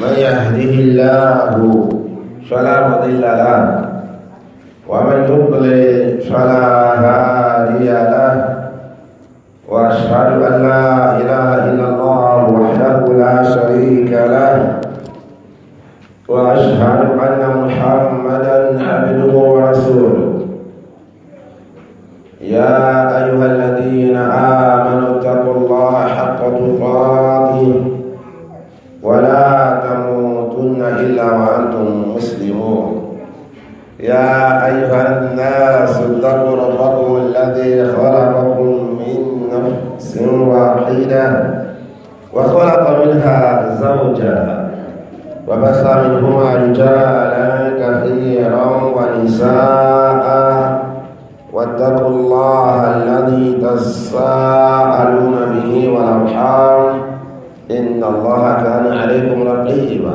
من يهده الله فلا مضل له ومن يضلل فلا هادي له واشهد ان لا اله الا الله وحده لا شريك له واشهد ان محمدا عبده ورسوله يا ايها الذين امنوا اتقوا الله حق تقاته ولا تموتن إلا وأنتم مسلمون يا أيها الناس اتقوا ربكم الذي خلقكم من نفس واحدة وخلق منها زوجا وبث منهما رجالا كثيرا ونساء واتقوا الله الذي تساءلون به والأرحام إن الله كان عليكم رقيبا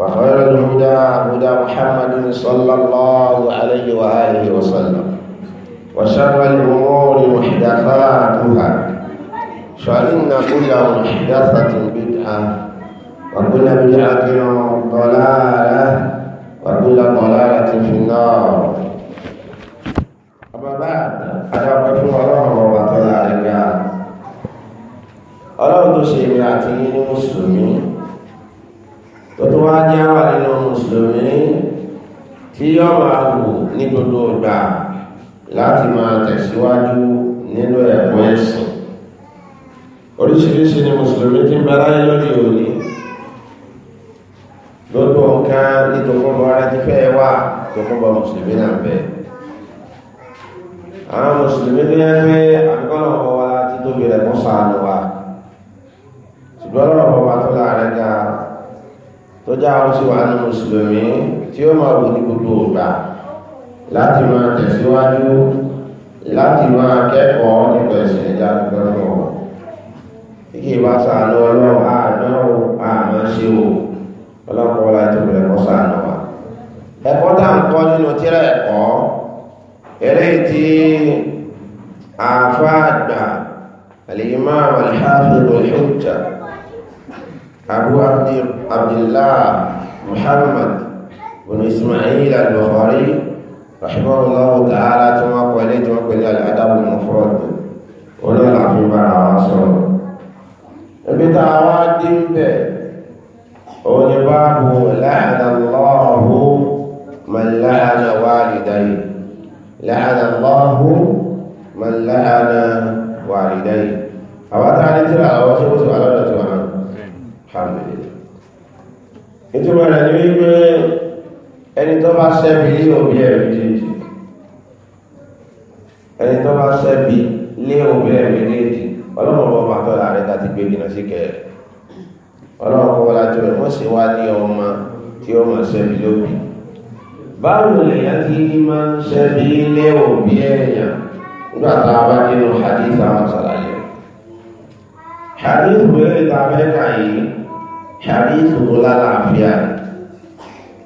وخير الهدى هدى محمد صلى الله عليه وآله وسلم وشر الأمور محدثاتها فإن كل محدثة بدعة وكل بدعة ضلالة وكل ضلالة في النار أما بعد أنا أقف الله وطلع لك أرى أن تسمعتني مسلمين tó tó wá jẹ́ wà nínú mùsùlùmí tí yóò máa wù ní gbogbo ìgbà láti máa tẹ̀síwájú nínú ẹ̀kọ́ ẹ̀sìn oríṣiríṣi ni mùsùlùmí ti ń bẹ láyé lórí òní gbogbo nǹkan ní tòkúnbọ ara ti fẹ́ wà tòkúnbọ mùsùlùmí náà bẹ àwọn mùsùlùmí tó yẹ pé àkọlọ ọmọ wa ti tóbi rẹ mọ wa ṣùgbọ́n ọlọ́rọ̀ wa tó láàrin dáa tó já àwọn sí wà ní mùsùlùmí tí ó máa wù ní gbogbo ìgbà láti máa tẹ̀síwájú láti máa kẹ́kọ̀ọ́ nípa ẹ̀sìn ẹja dúpẹ́ fún ọ tí kì í bá sàánú ọlọ́run àádọ́ àmọ́ ṣe o ọlọ́pàá wọlé عبد الله محمد بن إسماعيل البخاري رحمه الله تعالى ثم قال ثم قال الأدب المفرد ولا العفو مع عصر بتعواد به ونباه لعن الله من لعن والديه لعن الله من لعن والديه أوات على ترى أوات على الحمد لله ìtumọ̀ rẹ̀ ní wípé ẹni tó bá ṣẹ́bi lé òbí ẹ̀ méjèèjì ẹni tó bá ṣẹ́bi lé òbí ẹ̀ méjèèjì ọlọ́run bọ́ máa tọ́lá rẹ̀ láti gbé jìnà sí kẹrẹ̀ ọlọ́run kọ́ wọlá tó rẹ̀ wọ́n sì wá ní ọmọ tí ó máa ṣẹ́bi lóbi báwo lèyàn ti máa ń ṣẹ́bi lé òbí ẹ̀yàn nígbà tá a bá nínú hadith àwọn sàlàyé hadith wẹ́rẹ́ tá yìí hadith tó lálàáfíà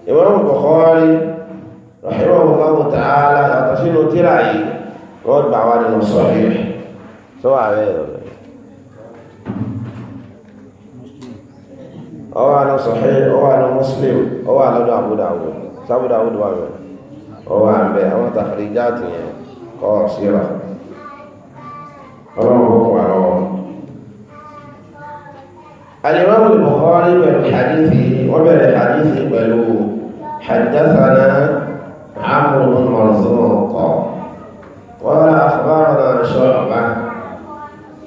Imam Bukhari rahimahullahu ta'ala yàtọ̀ sínú tíra yìí wọ́n gbà wá nínú sọ̀rọ̀ tó wà rẹ̀ rẹ̀ ọwọ́ àná sọ̀hẹ́ ọwọ́ àná Muslim ọwọ́ àlọ́dọ̀ Abu Dawud sábú Dawud wà rẹ̀ ọwọ́ àbẹ̀ àwọn tàfàríjáàtì yẹn kọ́ síra ọlọ́run kọ́ الإمام البخاري من حديثه ومن حديثه بلو حدثنا عمرو بن مرزوق قال أخبرنا شعبة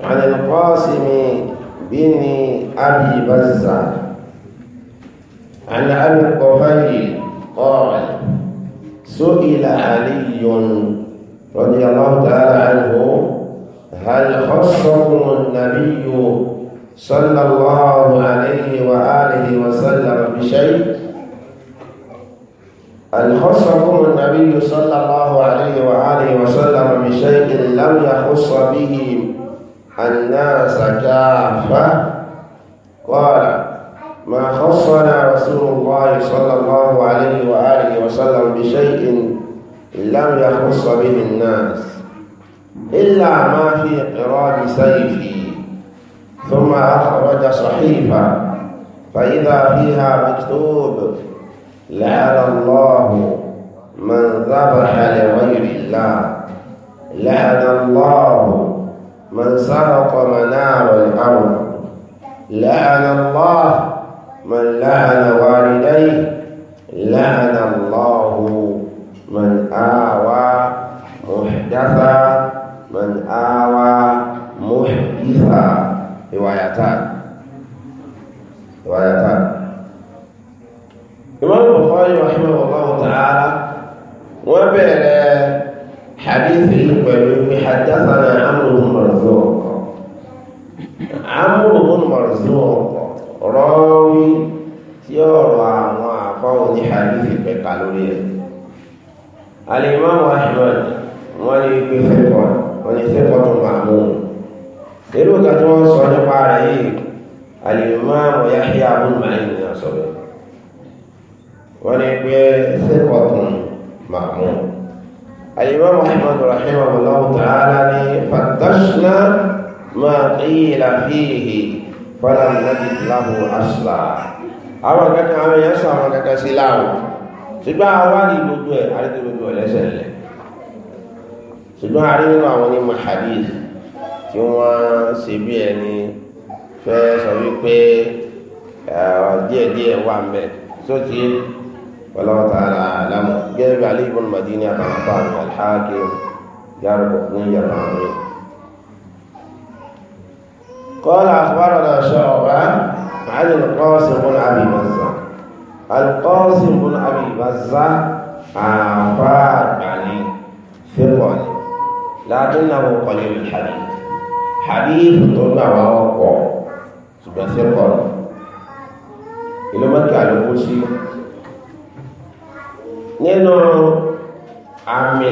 عن القاسم بن أبي بزة عن أبي الطفيل قال سئل علي رضي الله تعالى عنه هل خصكم النبي صلى الله عليه وآله وسلم بشيء الخصكم النبي صلى الله عليه وآله وسلم بشيء لم يخص به الناس كافة قال ما خصنا رسول الله صلى الله عليه وآله وسلم بشيء لم يخص به الناس إلا ما في قراد سيفي ثم أخرج صحيفة فإذا فيها مكتوب لعن الله من ذبح لغير الله لعن الله من سرق منار الأرض لعن الله من لعن والديه لعن الله من آوى محدثا من آوى محدثا riwayatan riwayatan Imam Bukhari rahimahullahu ta'ala wọ́n bẹ̀rẹ̀ hadith yìí pẹ̀lú pé haddathana Amru bin Marzuq Amru bin Marzuq rawi tí ọ̀rọ̀ àwọn àfáwò ní hadith pẹ̀ka lórí ẹ̀ al wọ́n ní wọ́n ní fẹ́kọ̀ọ́ tó máa mú un irú nǹkan tí wọ́n sọ nípa rẹ̀ yìí alìmọ́mù yáhíà abúlùmáì ní àsọ̀rọ̀ wọ́n ní pé sẹ́kọ̀tún màmú alìmọ́mù ahmad rahim abdullahi ta'ala ní fatashna ma qila fihi fọ́nà nàbí lahu asla àwọn kankan àwọn èèyàn sọ àwọn kankan sí láwù ṣùgbọ́n àwa ní gbogbo ẹ̀ àrídì gbogbo lẹ̀ ṣùgbọ́n àrí àwọn onímọ̀ hadith tí wọ́n ṣe bí ẹni fẹ́ sọ wípé díẹ̀díẹ̀ wà mẹ́ sóti ọlọ́wọ́ta ara àlámù gẹ́gẹ́ bí alẹ́ ìbọn màdínì àbàmọ́fà àmì alhákì yàrùkọ̀ fún yàrá mi. قال أخبرنا شعبة عن القاسم بن أبي بزة القاسم بن أبي بزة عفار علي ثقل لكنه قليل الحديث hadith tó gbà wá ọkọ̀ ṣùgbọ́n sí ọkọ̀ rẹ̀ ìlú mẹ́kà ló kú sí nínú àmì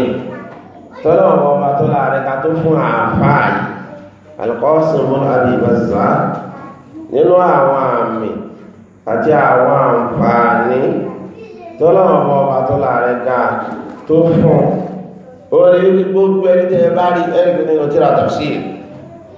tọ́lọ̀ ọba tó láàrin ká tó fún àáfàá yìí alukọ́sùn mọ́ àdìbàṣà nínú àwọn àmì àti àwọn àǹfààní tọ́lọ̀ ọba tó láàrin ká tó fún orí gbogbo ẹni tẹ́ bá rí ẹ̀rí nínú tíra tafsir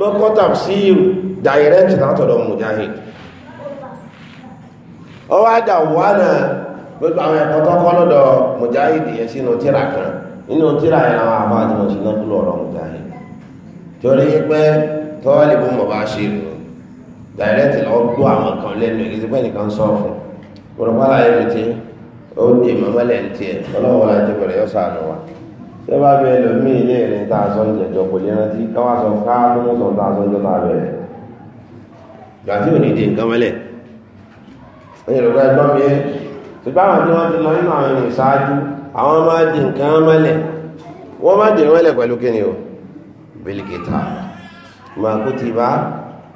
lọ́kọ́ tafsir direct látọ̀dọ̀ mujahid ọwọ́ àdà wà náà gbogbo àwọn ẹ̀kọ́ tọ́kọ́ lọ́dọ̀ mujahid yẹn sínú tíra kan nínú tíra yẹn àwọn àbá àti mujahid torí pé tọ́ọ̀lì bó mọ̀ bá ṣe rò direct lọ gbọ́ àwọn kan lẹ́nu ìgbésí pé nìkan sọ fún mọ̀rọ̀pá láyé mi ti ó di ń tiẹ̀ ọlọ́wọ́ yọ sáà tẹ́ bá bẹ ẹlòmíì ilé rẹ̀ tá sọ ń jẹjọ kò lè rántí káwá sọ ká tó sọ sọ ń jọ ìgbà tí ò ní di nǹkan mi tí ti lọ nínú àwọn ènìyàn ṣáájú àwọn máa di nǹkan mẹ́lẹ̀ wọ́n máa di mẹ́lẹ̀ pẹ̀lú kí ni o bílíkìtà máa kú ti bá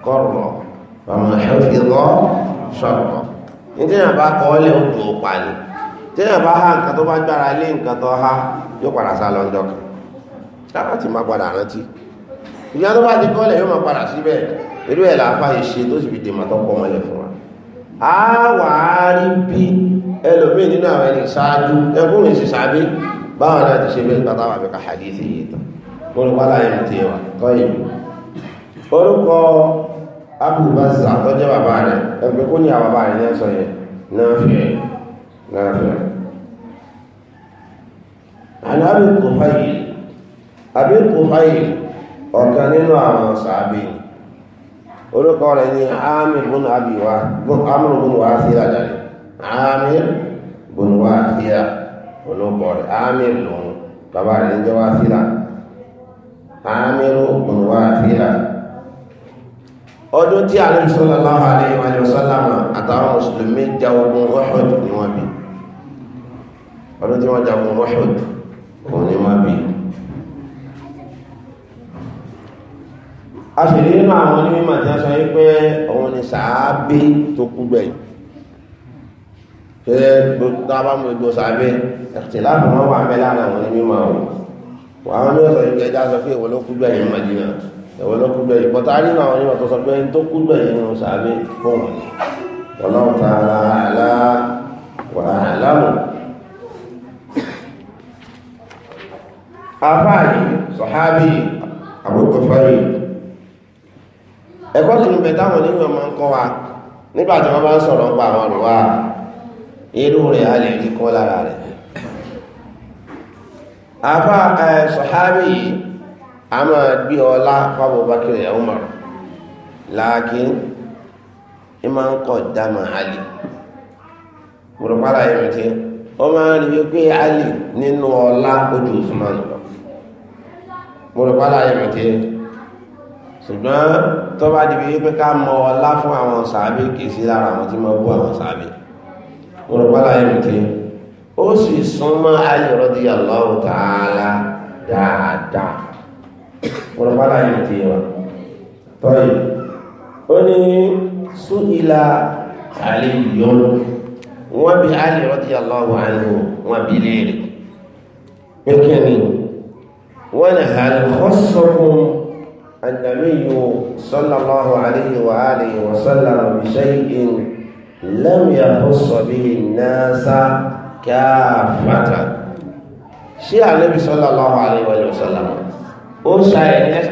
kọ̀rọ̀ àwọn lọ ní tí bá kọ́ tí bá nǹkan tó yóò padà sá lọ ǹjọ́ kan láti má padà rántí ìyá tó bá ti kọ́lẹ̀ yóò má padà síbẹ̀ irú ẹ̀ làáfà ìṣe tó sì fi dèmà tó pọ̀ mọ́lẹ̀ fún wa a wà á rí bí ẹlòmíì nínú àwọn ẹni ṣáájú ẹkùnrin sì sábé báwọn náà ti ṣe bẹ́ẹ̀ nígbà táwọn àbẹ̀ka hadith yìí tán orúkọ aláyẹ̀ ti wà tọ́yìn orúkọ abúlùbáṣà tó bàbá rẹ̀ ẹgbẹ́ kó ní àwọn bàbá rẹ̀ ní ẹ̀sọ́ yẹn náà fi náà fi عن أبي الطفيل أبي الطفيل وكان له صحابي orúkọ rẹ̀ ni amir bin abiwa amir bin wasila dàrí amir bin wasila orúkọ rẹ̀ amir lòun bàbá rẹ̀ ń jẹ́ wasila amir bin wasila ọdún tí ànábì sallallahu alaihi wa sallam àtàwọn mùsùlùmí jagun Uhud ni wọ́n bí ọdún tí wọ́n jagun Uhud òní má bí a sì rí nínú àwọn onímọ̀ tí a sọ yí pé òun ni sàábé tó kú gbẹ̀yìn tẹ gbogbo àbá mú gbogbo sàábé ẹ̀tìláàbù wọn wà bẹ́ẹ̀ láàrin àwọn onímọ̀ àwọn àwọn onímọ̀ sọ yí ẹja sọ pé ìwọ ló kú gbẹ̀yìn Mádínà ìwọ ló kú gbẹ̀yìn bọ́tà á nínú àwọn onímọ̀ tó sọ pé ẹni tó kú gbẹ̀yìn nínú sàábé fún wọn ọlọ́run tààrà àlá wàhálà wọn àbáyé sọ̀hábì àbúkọ̀fọ́rì ẹ̀kọ́ tó ń bẹ táwọn onímọ̀ máa ń kọ́ wa nígbà tí wọ́n bá ń sọ̀rọ̀ pa àwọn àrùwá irú rẹ̀ a lè rí kọ́ lára rẹ̀ àbá sọ̀hábì yìí a máa gbé ọlá fáwọn bákìrì ẹ máa ń wípé nínú ọlá ojú lọ mo rò pálá ayé mi ti ẹ ṣùgbọ́n tó bá di bíi pé ká mọ ọlá fún àwọn sàábì kì í sí lára àwọn tí mo bú àwọn sàábì mo rò pálá ayé mi ti ẹ ó sì súnmọ́ ayé rọ́dí Allahu ta'ala dáadáa mo rò pálá wa tọ́yì ó ní súnìlà àlè yọ̀ọ́ wọ́n bí Ali radiyallahu anhu wọ́n bí léèrè pé ni ونهى الخصكم النبي صلى الله عليه وآله وسلم بشيء لم يخص به الناس كافة شيء النبي صلى الله عليه وآله وسلم وشيء الناس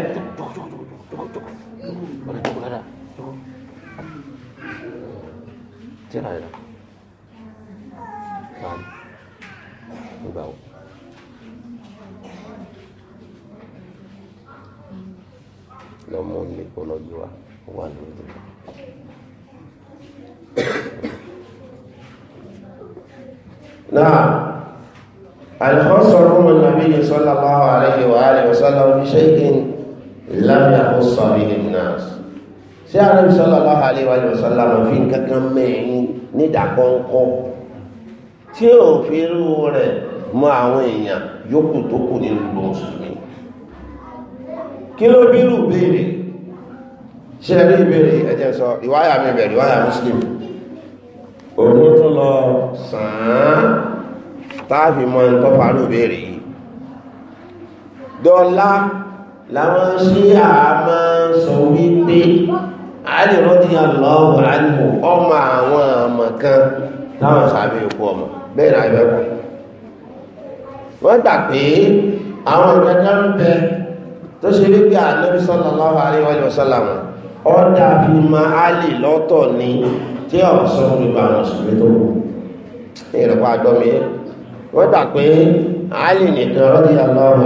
نعم الخاص عموم النبي صلى الله عليه وآله وسلم بشيء لم يخص به الناس sí àrẹ́bí sọ́lọ́lá àríwájú sọ́lá mọ̀ fi kankan mẹ́rin nídàkọ́ńkọ́ tí ò fi rú rẹ̀ mọ́ àwọn èèyàn yókù tó kù nínú gbogbo mùsùlùmí kí ló bírù béèrè ṣe rí ìbéèrè ẹjẹ́ sọ ìwáyà mi ìwáyà mùsùlùmí òun tún lọ sàn án táàfì mọ nǹkan farú béèrè yìí dọ́là làwọn ṣí àmọ́ sọ wípé àádìí rọ́dí àlọ́wọ̀ àánú ọmọ àwọn ọmọ kan táwọn sàbẹ̀ òkú ọmọ bẹ́ẹ̀ náà ẹgbẹ́ kọ́ wọ́n gbà pé àwọn kankan bẹ tó ṣe wípé ànábì sallallahu alaihi wa sallam ọ̀dà fi máa lè lọ́tọ̀ ni tí ọ̀rọ̀ sọ fún gbogbo àwọn mùsùlùmí tó wù ní ìrọ̀pá àgbọ̀mí wọ́n gbà pé Àlì nìkan ó ló dúró àwọn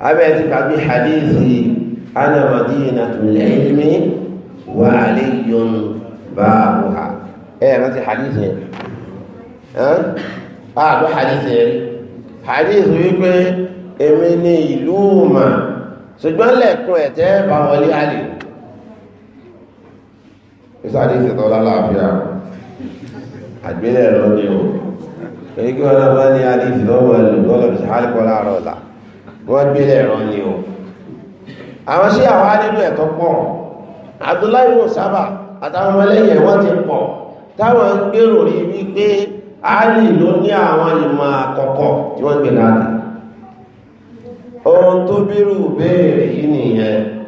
kan ti kàbí hadithi hadithi yẹn hadithi yẹn hadithi wípé èmi ìlú mà ṣùgbọ́n lẹ́ẹ̀kún ẹ̀ tẹ́ bá wọlé àlè ìsáàdì ìṣètò lálàáfíà àgbélẹ̀ lọ ní o èyí kí wọ́n bá ní àlè ìfìdọ́wọ̀ ẹlùgbọ́lọ̀ bí sàálìkọ́ láàárọ̀ ọ̀la wọ́n gbélẹ̀ rọ ní o àwọn sí àwọn nínú ẹ̀tọ́ pọ̀ Abdullahi wò sábà àtàwọn ọmọlẹ́yìn ẹ̀wọ́n ti pọ̀ táwọn ń gbèrò rí wípé àlè ló ní àwọn ìmọ̀ àkọ́kọ́ tí wọ́n gbé láti ohun tó bírú béèrè yìí nìyẹn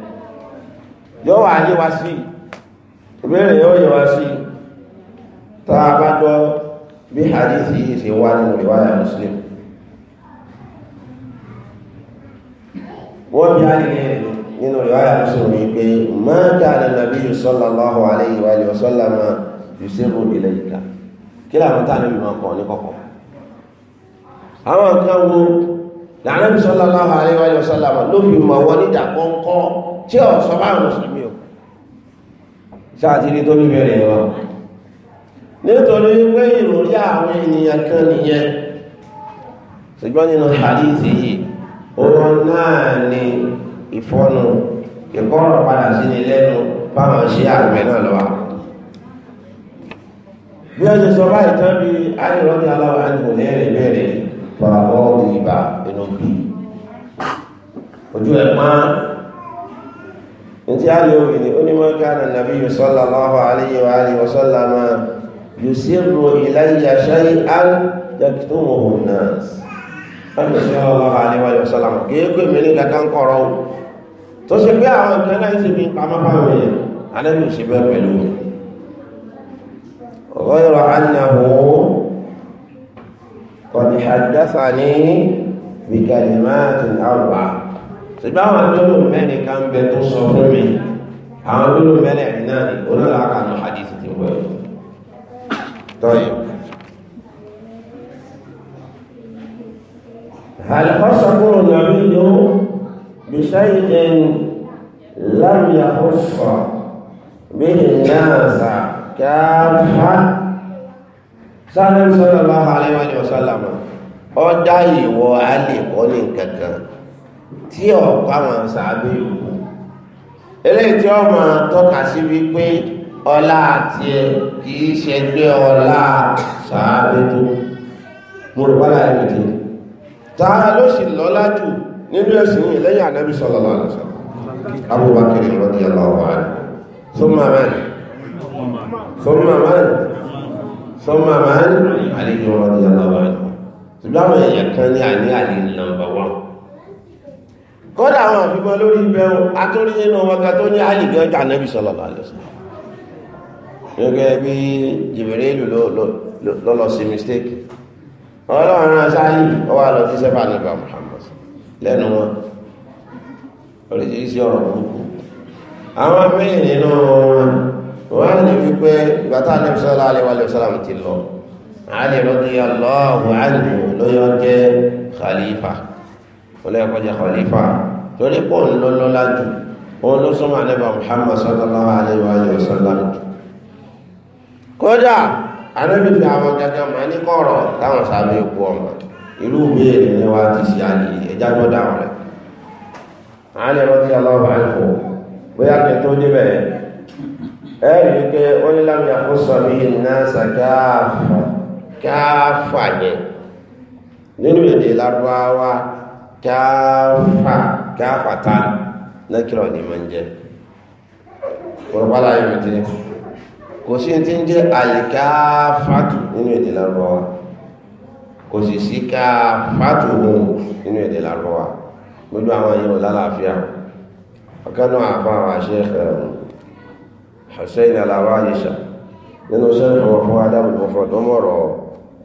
yóò wá yé wa sí ìbéèrè yóò yé wa sí tá a bá gbọ́ bí hadithi yìí ṣe wá nínú ìwáyà muslim wọ́n bí alìyẹ nínú ìwáyà muslim yìí pé máa dáadà nàbí kí táà ní lànàbí sallallahu alaihi wa sallam ló fi mọ̀ wọ́n níta kọ́ńkọ́ tí ọ̀ sọ bá mùsùlùmí o sáàtìrí tó bíbẹ̀rẹ̀ wa nítorí pé ìròrí àwọn ènìyàn kan nìyẹn ṣùgbọ́n nínú hadithi yìí òun náà ni ìfọ́nù ìkọ́rọ̀ padà sí ni lẹ́nu báwọn ṣe àgbẹ̀ náà lọ́wọ́ bí ó sọ báyìí tán bí aláwọ̀ àti òní pàwọ́ ìbá ló bí ojú ẹ̀ máa ntí àlè òbí ni ó ní mọ́ ká nà nàbí sallallahu alayhi wa alihi wa sallam yusirru ilayya shay'an yakitumuhu an-nas Ànábì sallallahu alayhi wa sallam kéèké mi ní kankan kọ̀rọ̀ tó ṣe náà ti fi pamọ́ fáwọn بكلمات أربعة ṣùgbọ́n àwọn àdúró mẹ́rin ká ń bẹ tó sọ fún mi àwọn àdúró mẹ́rin ẹ̀rin náà ni onílàákà ní hadith ti wọ̀ ẹ́ tọ́yọ̀. àlùfọ́sọ̀kúrò nàbí ló bìṣẹ́ ìdẹ́n lábìyà fọ́sọ̀ bí ìnáàzà káfà sálẹ̀ sọ́lọ́lá àlẹ́wà ni ọ̀sán làmọ́ ọ dá ìwọ alè bọ́ ní kankan tí ọ̀pá wọn sàábé ìwò eléyìí tí ọmọ tọ́ka sí wípé ọlá àti ẹ kìí ṣe gbé ọlá sàábé tó mo rò wálá ẹni tí ta ló sì lọ́lá jù nínú ẹ̀sìn yìí lẹ́yìn ànábì sallallahu alaihi wasallam Abubakar radiyallahu anhu thumma man thumma man thumma man Ali radiyallahu anhu ṣùgbọ́n àwọn èèyàn kan ní àní àní nàmbà wà kódà àwọn àfihàn lórí ìbẹ̀rù atórí nínú ọmọkà tó ní àlì gan jà nẹ́bí sallallahu alaihi wasallam gẹ́gẹ́ mistake ọlọ́run rán sáàlì ọwà lọ sí sẹ́fà nípa Muhammad lẹ́nu wọn oríṣiríṣi ọ̀rọ̀ burúkú àwọn mí nínú wọn wọ́n ní wípé ìgbàtà nẹ́bí sallallahu alaihi wasallam ti lọ Ali radiyallahu anhu ló yọ jẹ́ khalifa olóyọkọ jẹ́ khalifa torí pọ̀ ń lọ lọ́lá jù òun ló súnmọ́ àlẹ́bà Muhammad sallallahu alayhi wa sallam kódà arábìnrin àwọn gàgà máa ní kọ̀rọ̀ táwọn sábẹ́ epo ọmọ ìlú ìbéèrè ni wá ti ṣe àlè ẹjá gbọ́dọ̀ àwọn rẹ̀ Ali radiyallahu anhu bóyá kẹ tó débẹ̀ ẹ̀ rí i pé wọ́n ní lámìyàn kó sọ bí iná sàkáàfà káfà yẹn nínú èdè lárúbáwá káfà káfà tán nẹ́kìrọ̀ ni máa ń jẹ́ kọ̀rọ̀bálá yóò jẹ́ kò sí ti ń jẹ́ àlìkáfàtù nínú èdè lárúbáwá kò sì sí káfàtù nínú èdè lárúbáwá gbogbo àwọn yóò lálàáfíà ọ̀kánú àfáwà Sheikh um, Hussein Al-Awanisha nínú sẹ́ẹ̀kì wọn fún adábùbọ̀fọ̀ tó mọ̀rọ̀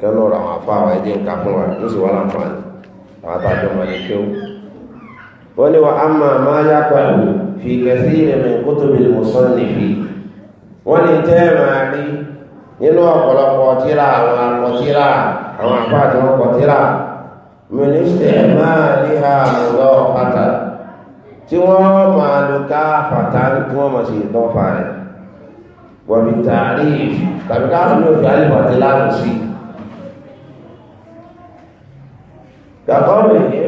kẹ́nu ọ̀rọ̀ àwọn afá àwọn ẹ̀jẹ̀ nǹkan fún wa ló sì wá láǹfààní àwọn tá a jọ máa ní kí ó. wọ́n ní wa á máa máa yá pẹ̀lú fi kẹsí ìrìnà kótóbi ni mo sọ nìfi. wọ́n ní tẹ́ ẹ̀ máa rí nínú ọ̀pọ̀lọpọ̀ tíra àwọn akọtíra àwọn afá àti wọn kọtíra mínísítẹ̀ máa ní ha lọ pátá tí wọ́n máa lo ká fàtà tí wọ́n máa sì dọ́fà rẹ̀ wọ́n fi tààrí tàbí káàkiri òfin alẹ́ pàtẹ́ láàrú sí i. gàkọ́ọ̀lù yìí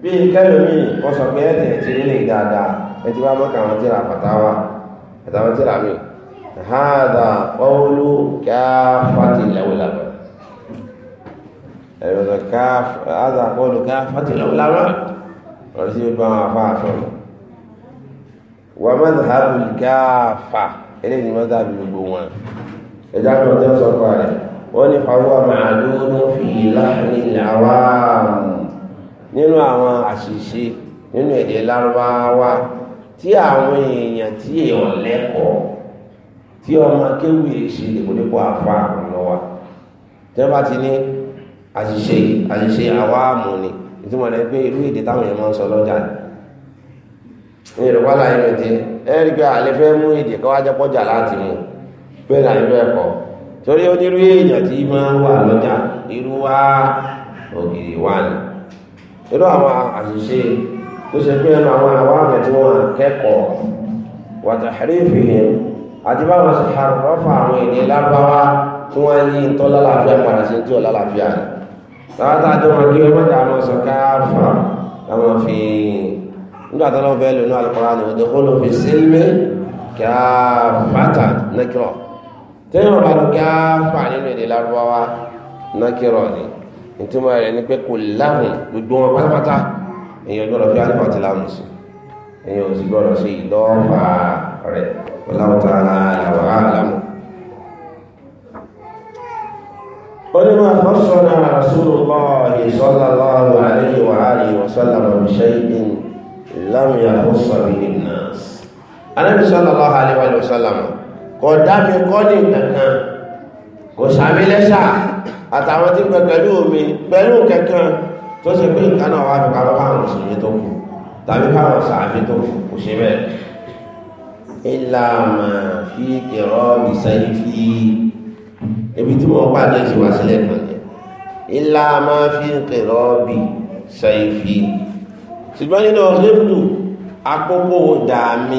bí kẹ́lùmí wọ́n sọ pé ẹ̀tẹ̀ ti rí lè dáadáa ẹ ti bá mọ́kà wọn tíra fàtàwà àtàwọn tíra mi hàdà ọ̀húnú káfàtì lẹ́wọ̀lẹ́wọ̀ ẹ̀rọ hàdà ọ̀húnú káfàtì lẹ́wọ̀lẹ́wọ̀ ọ̀rọ̀ sí bá wọn afá afọ́ wà má ti hàbù káfà eléyìí ni dábì gbogbo wọn ẹ̀dá kan tó sọ wọ́n ní fàwọn màálùú fi láàrin àwa nínú àwọn àṣìṣe nínú èdè lárúbáwá tí àwọn èèyàn tí èèyàn lẹ́kọ̀ọ́ tí ọmọ akéwì ṣe lèkòlépò àfa àrùnlọ́wà tí wọ́n bá ti ní àṣìṣe àṣìṣe àwa ni ìtumọ̀ rẹ̀ pé irú èdè táwọn èèyàn máa ń sọ lọ́jà ní ìrọ̀pá láyé mi ti ẹ́ pé àlefẹ́ mú èdè kọ́wájẹ́pọ̀jà láti mú bẹ́ẹ̀ láyé bẹ́ẹ̀ kọ́ torí onírú èèyàn tí máa ń wà lọ́jà irú wa ògiri wà ní irú àwọn àṣìṣe tó ṣe pé ẹnu àwọn àwọn àgbẹ̀ tí wọ́n kẹ́kọ̀ọ́ wàtàhírífì yẹn àti báwọn sì rọ́fà àwọn èdè lábáwá tí wọ́n ní tó lálàáfíà padà sí tí ò lálàáfíà rẹ̀ tàbátà tó wọn kí ọmọdé àwọn sọ káfà àwọn fi nígbà tó lọ́wọ́ bẹ́ẹ̀ lónú alukọ́ra ni òdòkó ló fi sílmé káfàtà nẹ́kírọ̀ọ́ tẹ́lẹ̀ wọn bá lọ kí á fà nínú èdè lárúbáwá nákìrọ̀ ni ìtumọ̀ rẹ̀ ni pé kò láhùn gbogbo wọn pátápátá èèyàn gbọ́dọ̀ fi alif àti láàmù sí èèyàn ò sì gbọ́dọ̀ sí ìdọ́fà rẹ̀ ọláwùtà làwà àlámù. ولما خصنا رسول الله صلى الله عليه وآله وسلم بشيء لم يخص به الناس النبي kò dá mi kọ́ ní kankan kò sàmí lẹ́sà àtàwọn tí pẹ pẹ̀lú omi pẹ̀lú kankan tó ṣe pé nǹkan náà wà fi pamọ́ fáwọn òṣèré tó kù tàbí fáwọn sàmí tó kù kò ṣe bẹ́ẹ̀ ìlàmà fi kẹrọ ìsẹ́yìn fi ibi tí wọ́n pàdé ti wá sílẹ̀ kan jẹ́ ìlàmà fi kẹrọ ìsẹ́yìn fi ṣùgbọ́n nínú ọ̀rẹ́bù àkókò dàmí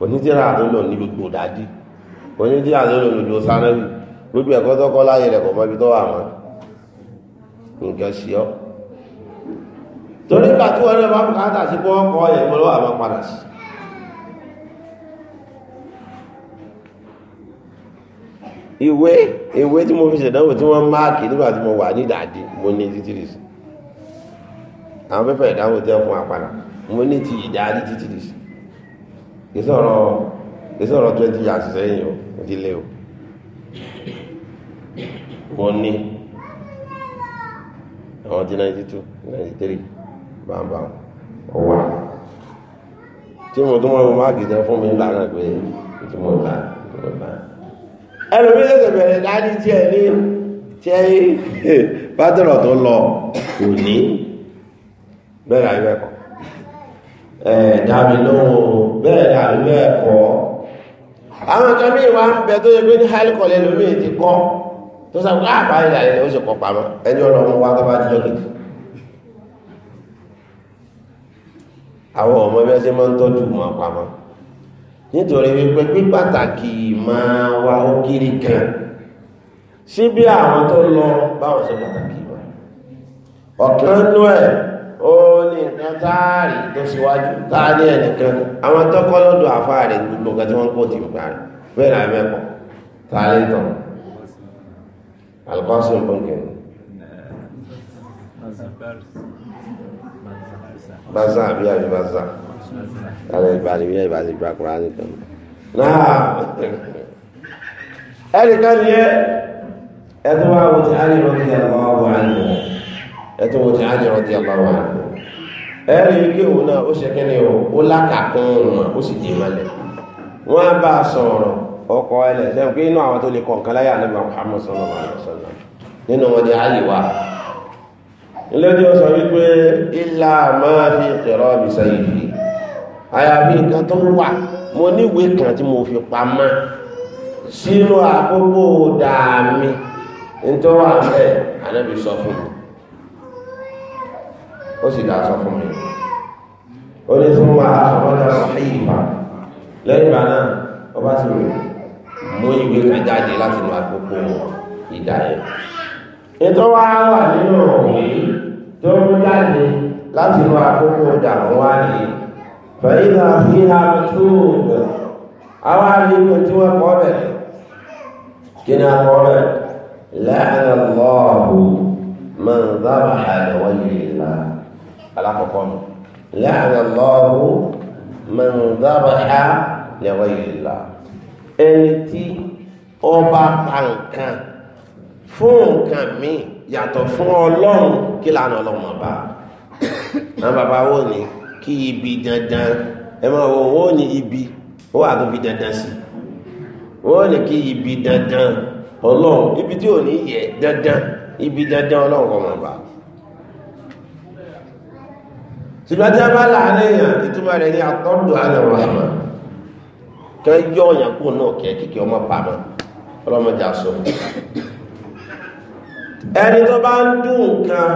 onídìrà ló lò ní gbogbo dádì onídìrà ló lò lòdò sanẹ́wì lójú ẹ̀kọ́ tó kọ́ láyé rẹ̀ kò mọ ibi tó wà mọ́ nǹkan sí ọ torí gbà tí wọn rẹ bá bùkátà sí pé wọn kọ ẹ̀ mọ́ lọ́wọ́ àwọn padà sí ìwé ìwé tí mo fi ṣèdánwò tí wọ́n máàkì nígbà tí mo wà ní ìdàdí mo ní títìrì sí àwọn pépà ìdánwò tẹ́ fún apàdà mo ní ti ìdàdí títìrì sí ìsọ̀rọ̀ ìsọ̀rọ̀ years sẹ́yìn o o wọ́n ní àwọn ti ninety two ninety three bàbá ọwọ́ tí mo tún mọ́ ọmọ máàkì fún mi ńlá pé tí mo gbà mo gbà ẹlòmí tẹ̀sẹ̀ bẹ̀rẹ̀ tí ẹ ní tí ẹ bátẹ̀rọ̀ tó lọ kò ní bẹ́ẹ̀ láyé dámi lóhun bẹ́ẹ̀ dàbí bẹ́ẹ̀ ẹ̀kọ́ àwọn kan mí wá ń bẹ tó yẹ pé ní hálíkọ̀ lè lómi ti kọ́ tó sọ pé àpá ìlà ilẹ̀ ó kọ́ pamọ́ ẹni ọlọ́run wá tó bá kejì àwọn ọmọ bí wọ́n ṣe máa ń tọ́jú mọ́ pamọ́ nítorí wípé pípàtàkì máa wá ó kiri nǹkan táàrí tó síwájú táàrí ẹnìkan àwọn tọ́kọ́ lọ́dọ̀ àfa rẹ̀ gbogbo nǹkan tí wọ́n pọ̀ ti gbà rẹ̀ bẹ́ẹ̀ náà mẹ́kọ̀ táàrí tán alkọ́sùn bọ́ǹkìn baza àbí àbí baza alẹ́ ìbàdí bí ìbàdí gba kura nìkan náà ẹnìkan yẹ ẹtọ́ wa wọ́n ti àdìrọ̀ ti àlọ́ wà nù ẹtọ́ wọ́n ti àdìrọ̀ ti àlọ́ wà nù. ẹ̀rí ike òun náà ó ṣe kíni o ó lákàkún wọn ó sì dì mọ́lẹ̀ wọ́n bá a b'a ọkọ̀ ẹlẹ̀ sẹ́yìn pé inú àwọn tó lè kọ̀ nǹkan láyà ní Muhammad sallallahu alaihi wasallam nínú wọn Ali wa nílẹ́jọ́ sọ wípé ilá máa fi kẹ̀rọ ìbísẹ̀ yìí àyàfi nǹkan tó wà mo níwèé kan tí mo fi pamọ́ sínú àkókò dàmí nítorí àmì ànábì sọ fún mi ó sì dá aṣọ fún mi ó ní tí mo máa aṣọ mọ́tà sọ̀hí ìfà lẹ́yìn ìgbà náà ọba ti rò mú ìwé kan jáde láti nu àgbókò ìdá yẹn ètò wa wà nínú òwe tó mú jáde láti nu àgbókò ìdààmú wa nìyí pẹ̀lú àfi àtúntò àwọn àlejò tí wọ́n kọ́ bẹ̀rẹ̀ kí ni a kọ́ bẹ̀rẹ̀ la'ana Allahu man dhabaha li ghayri Allah alákọ̀ọ́kọ́ nù láàrínlọ́rù mẹ́rìndínláàbáyá lẹ́wọ́ ìlà ẹni tí ọba pa nǹkan fún nǹkan míì yàtọ̀ fún ọlọ́run kí lànà ọlọ́run ọba àwọn bàbá wò ní kí ibi dandan ẹ máa wọ wọ́n ní ibi wọ́n wà tó fi dandan sí wọ́n ní kí ibi dandan ọlọ́run ibi tí ò ní yẹ dandan ibi dandan ọlọ́run ọmọ ṣùgbọ́n tí a bá láàrin èèyàn ìtumọ̀ rẹ̀ ní àtọ́dù àlọ́rọ̀ àmà kẹ́ yọ ọ̀yàn kúrò náà kẹ́ kíkẹ́ ọmọ pàmò ọlọ́mọdé aṣọ ẹni tó bá ń dùn nǹkan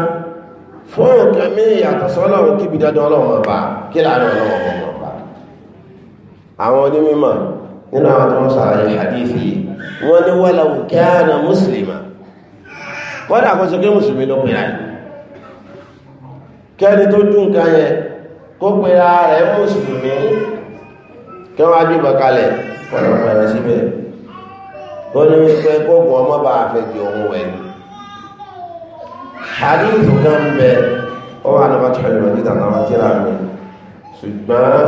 fún nǹkan mí ìyàtọ̀ sọ́lọ́run kíbi dandan ọlọ́run ọba kí láàrin ọlọ́run ọba àwọn onímọ̀ nínú àwọn tó ń sàlàyé hadithi wọn ni wọ́n lọ kẹ́ àná mùsùlùmí kẹ́ni tó dùn kan yẹn kó pera rẹ̀ mùsùlùmí kí wọ́n á gbé kalẹ̀ pẹ̀lẹ̀pẹ̀lẹ̀ síbẹ̀ ó ní wípé kókùn ọmọ bá àfẹ́jì ohun ẹ̀ hadith kan bẹ ó wà ní bàtà ìlú ọdún tàbí àwọn tíra mi ṣùgbọ́n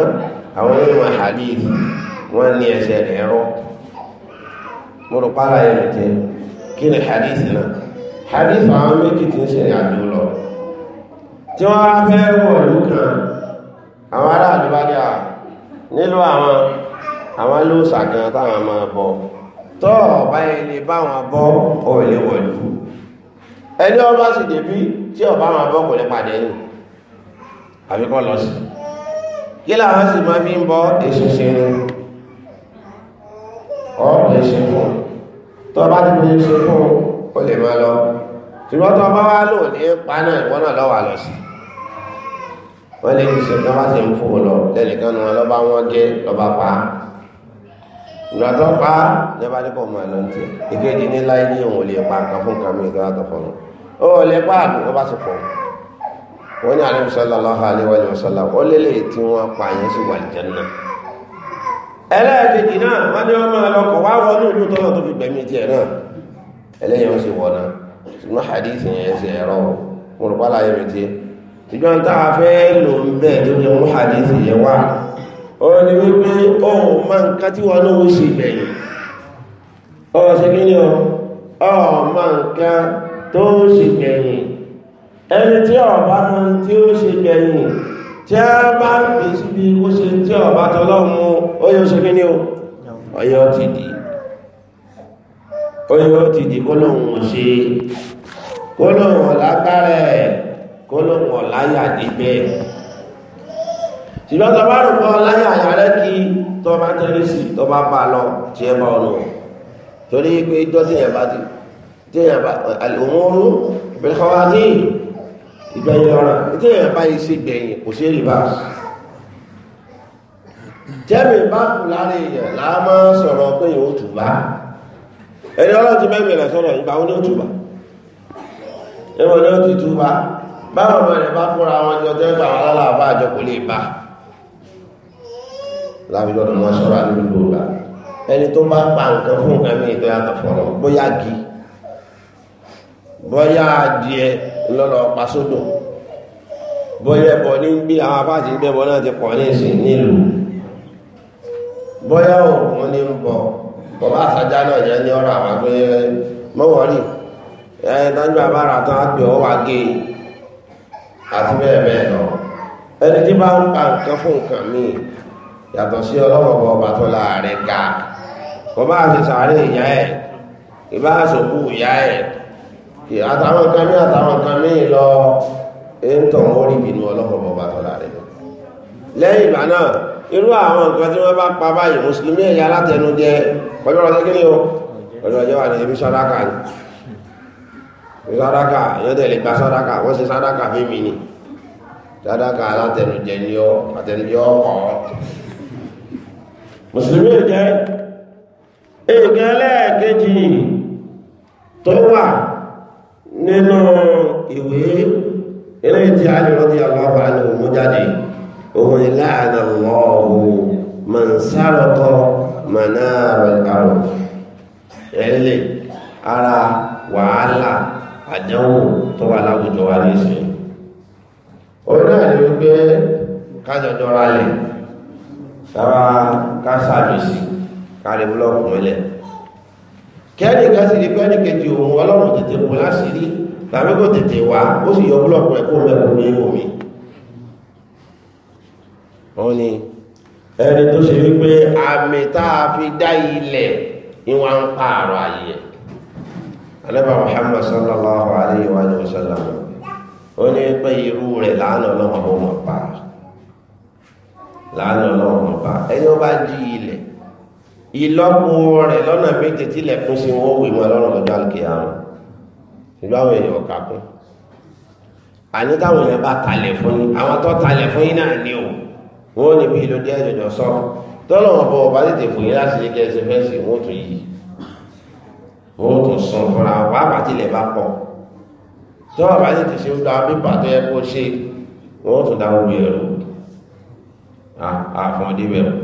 àwọn onímọ̀ hadith wọ́n ní ẹsẹ̀ ẹ̀rọ mo rò pàlàyé mi jẹ kí ni hadith náà hadith àwọn méjì ti ń ṣe àjò lọ tí wọ́n wá fẹ́ wọ̀ ìlú kan àwọn aráàlú bá dà nílò àwọn àwọn ló ṣàgán táwọn máa bọ̀ tọ́ ọ̀bá ilé báwọn bọ́ òòlè wọ̀lú ẹni ọba sì débí tí ọba àwọn bọ́ kò lè pàdé ní àbíkọ́ lọ sí kí làwọn sì máa fi ń bọ́ èṣù sí ni ọ́ èṣù fún tọ́ bá ti fi èṣù fún ó lè máa lọ ṣùgbọ́n tọ́ bá wá lò ní pa náà ìwọ́n náà lọ́wọ́ lọ sí i wọ́n lè ní sọ̀tún bá ti ń fò lọ lẹ́nìkan nu wọn lọ́ bá wọn gé lọ́ bá pa á ìgbà tó pa á lẹ́bàá dípò mọ́ ẹ̀ lọ ní tiẹ̀ ìkejì ní láyé ní òun ò lè pa kan fún kan mìíràn tó yàtọ̀ fún un ó lè pa àbí ó bá ti pọ̀ wọ́n ní àlẹ́ sọ́lá lọ́ha ní wàlẹ́ sọ́lá ó lélẹ̀ tí wọ́n pa yẹn sí wà lìjẹ́nà ẹlẹ́ẹ̀kejì náà wọ́n ní wọ́n máa lọkọ̀ wá wọnú ìlú tó lọ tó fi gbẹ̀mí tiẹ̀ náà ẹlẹ́yìn ó sì wọ̀ náà ṣùgbọ́n hadith yẹn ṣe ẹ̀rọ mo ṣùgbọ́n tá a fẹ́ lò ń bẹ̀ tó ní mú hadith yẹn wá ọ̀rọ̀ ni wípé ọ̀hún máa ń ká tí wọn náà ó ṣe bẹ̀yìn ọ̀rọ̀ ṣe kí ni ọ ọ̀hún máa ń ká tó ó ṣe bẹ̀yìn ẹni tí ọba máa tí ó ṣe bẹ̀yìn tí a bá ń pè síbi ó ṣe tí ọba tọlọ́mú ó yóò kí ni o ọyọ́ ti dì ọyọ́ ti dì kọ́lọ́hún ṣe kọ́lọ́hún lágbára ẹ̀ kólóhùn ọ̀láyà níbẹ̀ ṣùgbọ́n tó bá rò pé ọ̀láyà yàrá kí tó bá tẹ́lẹ̀ sí tó bá bá lọ tí ẹ bá ọlọ́ torí pé ijọ́ tí ẹ̀ bá ti tí ẹ̀ bá òmùrú ìbẹ̀lẹ̀kọ́wá tí ìgbẹ̀yìn ọ̀rọ̀ tí ẹ̀ bá yìí sí gbẹ̀yìn kò sí rí bá jẹ́mi bá kù láàrin èèyàn láàmọ́ sọ̀rọ̀ pé yóò tù bá ẹni ọlọ́run ti bẹ́ẹ̀ bẹ̀rẹ̀ sọ̀rọ̀ ìgbà wọn ni ó tù bá ẹni báwọn ọmọ rẹ̀ bá kóra wọn jọ jẹ́ ìgbà wọn lálàáfà àjọ kò lè bá lábíjọ́dọ̀ wọn ṣọ́ra ní gbogbo ìgbà ẹni tó bá pa nǹkan fún nǹkan mí yàtọ̀ fọ́nà bóyá gi bóyá adìẹ sódò bóyá ẹbọ ní bí àwọn afáàtì ń bẹ́bọ náà ti pọ̀ ní ìsìn nílùú bóyá ní ń bọ̀ bọ̀bá àti bẹ́ẹ̀ bẹ́ẹ̀ lọ ẹni tí bá ń pa nǹkan fún nǹkan míì yàtọ̀ sí ọlọ́pọ̀pọ̀ ọba tó láàrẹ ga ọba àti sàárè ìyá ẹ̀ ìbá àsòkú ìyá ẹ̀ àtàwọn nǹkan míì àtàwọn nǹkan míì lọ ń tọ̀ wọ́n rí ìbínú ọlọ́pọ̀pọ̀ ọba tó láàrẹ lọ lẹ́yìn ìgbà náà irú àwọn nǹkan tí wọ́n bá pa báyìí mùsùlùmí ẹ̀yà látẹnu jẹ ọjọ́ ọjọ́ kí ni o ọjọ́ ọjọ́ wà ní ibi sọ́dá kan sàdákà yọ́dẹ̀ lè gba sàdákà wọ́n ṣe sàdákà fún mi ni sàdákà alátẹnujẹ ni ọ àtẹnujẹ ọkọ̀ mùsùlùmí jẹ́ èèkàn lẹ́ẹ̀kejì tó wà nínú ìwé ilé tí a lè rọ́dí aláwọ̀ alẹ́ òmú jáde òun ni láàrín àwọn ọ̀hún man sárọ̀tọ̀ manáàrọ̀ ẹ̀lẹ́ ara wàhálà àdánwò tó wà láwùjọ wa lẹ́sẹ̀ ọ̀rọ̀ náà ni wípé kájọjọ ra lẹ̀ sára kásàbèsì kárí búlọ́ọ̀kù mẹ́lẹ̀ kẹ́ẹ̀dì ká sì rí pẹ́ẹ́nì kejì òun ọlọ́run tètè mú láṣìírí tàbí kò tètè wá ó sì yọ búlọ́ọ̀kù ẹ̀ kó mẹ́kù ní omi wọ́n ni ẹni tó ṣe wípé àmì tá a fi dá ilẹ̀ ìwọ̀n ń pààrọ̀ ayé alẹ́bà Muhammad sallallahu alayhi wa sallam ó ní pé irú rẹ̀ láàánú ọlọ́run ọmọ ọmọ pa láàánú ọlọ́run ọmọ pa ẹni ó bá jí ilẹ̀ ìlọ́po rẹ̀ lọ́nà méje tí ilẹ̀kùn sí wọ́n wì mọ́ lọ́rùn lọ́jọ́ àlùkìyàmọ́ ṣùgbọ́n àwọn èèyàn kà kún àní táwọn èèyàn bá talẹ̀ fún yín àwọn tó talẹ̀ fún yín náà o wọ́n ní bí ìlú díẹ̀ jọjọ sọ tọ́lọ́wọ́n bọ̀ ọba tètè fún yín láti ṣe kí wọ́n tún yìí ó tún sùn fúnra wà pàtìlẹ̀ bá pọ̀ tó àbá sì ti ṣe ó dáa pípa tó yẹ kó ṣe wọ́n tún dáwọ́ bí ẹ̀rọ àfọ̀n débẹ̀ o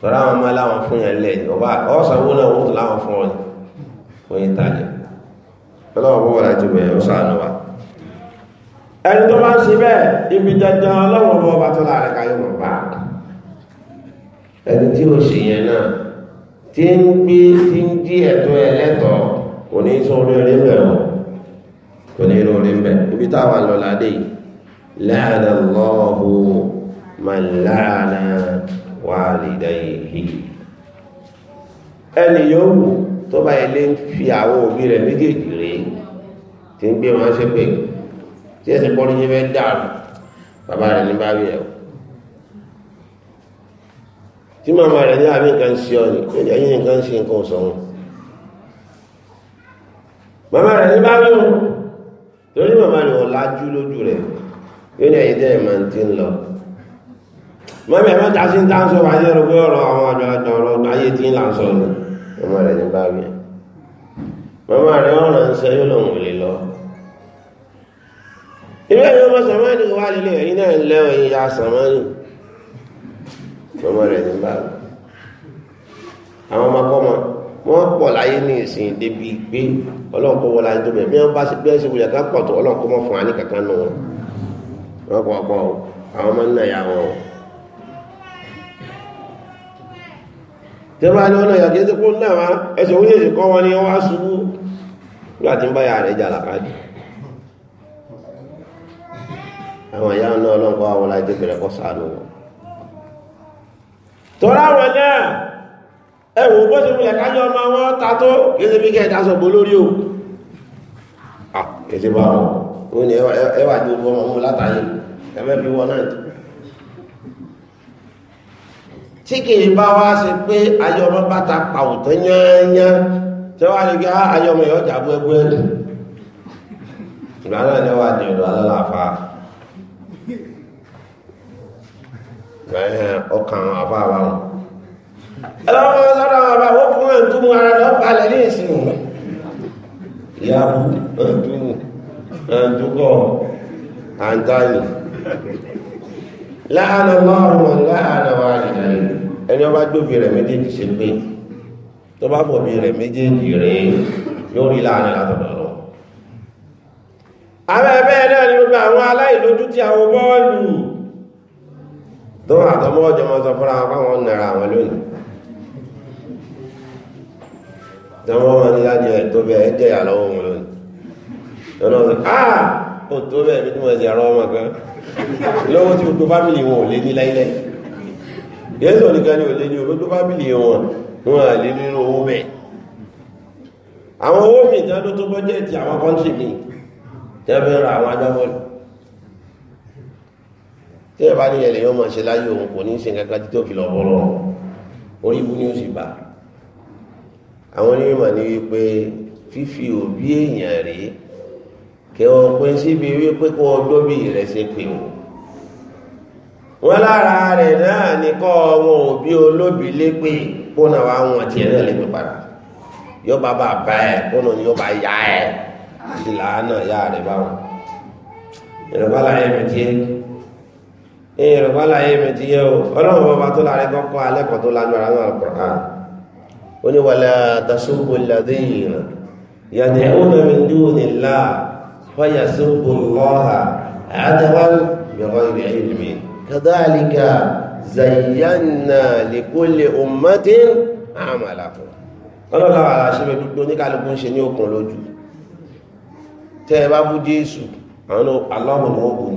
tọ́lá àwọn ọmọ aláwọn fún yẹn lẹ̀ ọba ọ̀sánwó náà wọ́n tún láwọn fún ọ ní fún yín tàlẹ̀ ọlọ́wọ́ bọ́ wọ́n láti bẹ̀rẹ̀ ó sàánú wa ẹni tó bá ń ṣe bẹ́ẹ̀ ibi dandan ọlọ́wọ́ bọ́ ọba tó láàrin káyọ̀ mọ̀ bá ẹni tí ó ṣe yẹn náà tí ń gbé tí ń dí ẹ̀tọ́ ẹlẹ́tọ̀ọ́ kò ní tún oríire mbẹ̀ o kò ní oríire mbẹ̀ ibi táwa lọ ládé yìí láàánà lọ́ọ̀hù máa láàánà wàlídàyèhì ẹni yóò wù tó bá ilé ń fi àwọn òbí rẹ̀ méjèèjì rèé tí ń gbé wọn ṣépè tí ẹsẹ̀ pọ́nrin yẹn fẹ́ dàrú bàbá rẹ̀ ní bá wí ẹ̀ o tí màmá rẹ̀ ní àbí nǹkan sí ọ ní ẹni ẹ̀yìn nǹkan sí nǹkan sọ̀hún màmá rẹ̀ ní bá wíwọ̀n torí màmá rẹ̀ wọ́n lájú lójú rẹ̀ yóò ní ẹ̀yìn tẹ́lẹ̀ máa ti ń lọ mọ́mí ẹ̀mọ́ ta sí ń tá ń sọ wáyé rògbé ọ̀rọ̀ àwọn àjọ̀jọ̀ ọ̀rọ̀ ayé tí ń là ń sọ ní màmá rẹ̀ ní bá wíwọ̀n màmá rẹ̀ ọ̀rọ̀ ń sẹ́ yóò lòun lè lọ ilé ẹ̀yọ́ mọ́ sàmánì wà lílé ẹ̀yìn náà ń lẹ́wọ̀n ìyá sàmánì ọmọ rẹ̀ ní bá àwọn ọmọkọ́mọ wọ́n pọ̀ láyé ní ìsìn débi pé ọlọ́run kọ́ wọlé àjọ bẹ̀rẹ̀ bí wọ́n bá ṣe bí wọ́n ṣe wùyà kan pọ̀ tó ọlọ́run kọ́ mọ́ fún wa ní kankan nù wọn wọ́n pọ̀ àwọn ọmọ náà yà wọn o. ní ọ̀nà ìyàgé tí kó náà wá ẹsẹ̀ oúnjẹ ìṣẹ̀kọ́ wọn ni wọ́n á ṣubú láti ń bá yà rẹ̀ jà làkàdì àwọn ìyá náà ọlọ́run kọ́ wọlé àjọ bẹ̀rẹ̀ kọ́ sáà lọ́wọ́ tọ́láwọn náà ẹwù bó ṣe múlẹ̀ kájọ ọmọ wọn ta tó kéde bí kẹta sọ̀gbọ́ lórí o kéde bá wọn ó ní ẹwà tí ó mú látàrí ẹgbẹ́ fi wọn náà tí kìí bá wá ṣe pé ayọmọ bá ta pàwùtán yányá tí wá ní kí ah, ayọmọ yọjà bú ẹgbẹ́ ìgbà náà ni wà ní ọ̀dọ̀ alálàáfàá ọkàn àwọn àbá wa wọn. ẹlọ́wọ́ sọ́dọ̀ àwọn àbá wọ́n fún ẹ̀ǹtú mu ara lọ́ balẹ̀ ní ìsìn wọn. ìyá mu ẹ̀ǹtú mu ẹ̀ǹtú kọ́ àǹtáyì. láàánú márùn-ún láàánú wa nìyẹn ẹni ọba gbòbí tó àtọmọ́ ọjọ́ mọ́ sọ fúnra wọn nàrà àwọn lónìí tọ́wọ́ wọn ní láti ẹ̀ tó bẹ́ẹ̀ jẹ́ ìyà lọ́wọ́ wọn lónìí lọ́nà ọ̀sán áà ó tó bẹ́ẹ̀ bí wọ́n ti rọ́ ọmọ kan lọ́wọ́ tí gbogbo fámìlì wọn ò lé ní láílẹ̀ yẹ́sọ̀ nìkan ni ò lé ní gbogbo fámìlì wọn wọn à lé nínú owó bẹ́ẹ̀ àwọn owó mi ìtàn ló tó bọ́jẹ́ẹ̀tì àwọn kọ́ńtì mi tẹ́fẹ́ ra àwọn adábọ́ọ̀lù tí ẹ bá ní ẹlẹ yóò máa ṣe láyé òun kò ní í ṣe kankan títí òfin lọ bọlọ orí ibú ni ó sì bá àwọn onímọ̀ ní wípé fífi òbí èèyàn rèé kẹwọ́ pé síbi wípé kó ọjọ́ bí ìrẹsẹ̀ pè ó wọn lára rẹ̀ náà ní kọ́ ọmọ òbí olóbi lépè kó náà wá wọn tiẹ̀ náà lépè padà yóò bá bá bá ẹ kó náà ni yóò bá yá ẹ ìlànà yá rẹ̀ báwọn ìrọ̀bá láyé mi tiẹ̀ ee rẹ̀ wọ́n láyé mi ti yẹ o ọlọ́run bọ́ba tó láàrin kọ́kọ́ alẹ́kọ̀ọ́ tó lágbára náà Al-Qur'an ó ní wàlá tasubbu alladhina yad'una min dunillahi fayasubbu Allaha adwan bighayri ilmin kadhalika zayyana likulli ummatin amalahum ọlọ́run láwọn aláṣẹ́bẹ̀ gbogbo oníkàlùkù ń ṣe ní okùn lójú tẹ́ ẹ bá bú Jésù àwọn aláwọ̀ ni wọ́n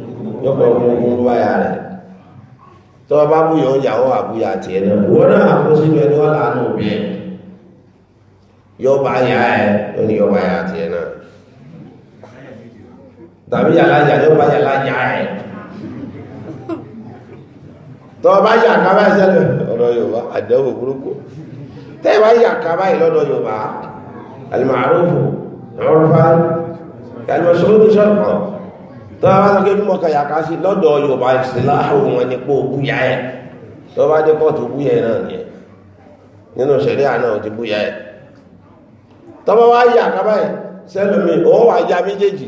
yọpọ̀ ogun wáyà rẹ̀ tó bá búyọ̀ ìyàwó àbúyà tiẹ̀ náà wọ́n náà àkóṣínú ẹni wọ́n láàánú òbí ẹ̀ yọba ya ẹ̀ ó ní yọba ya tiẹ̀ náà tàbí yàrá yà yọba yàrá yà ẹ̀ tó bá yà kábà ìṣẹ̀lẹ̀ ọ̀dọ̀ Yorùbá àdẹ́wò burúkú tẹ́ bá yà kábà ìlọ́dọ̀ Yorùbá àlùmọ̀ àrùn ọ̀rùn fáwọn kàlùmọ̀ sọ́dún sọ́dún tọ́wọ́ bá bí mo sí lọ́dọ̀ yorùbá ìsìláhù wọn ni pé òkú ya ẹ̀ tọ́wọ́ bá dé ya ẹ̀ náà nìyẹn nínú ṣẹ̀ríà náà ti bú ya ẹ̀ tọ́wọ́ wá yà òun wà méjèèjì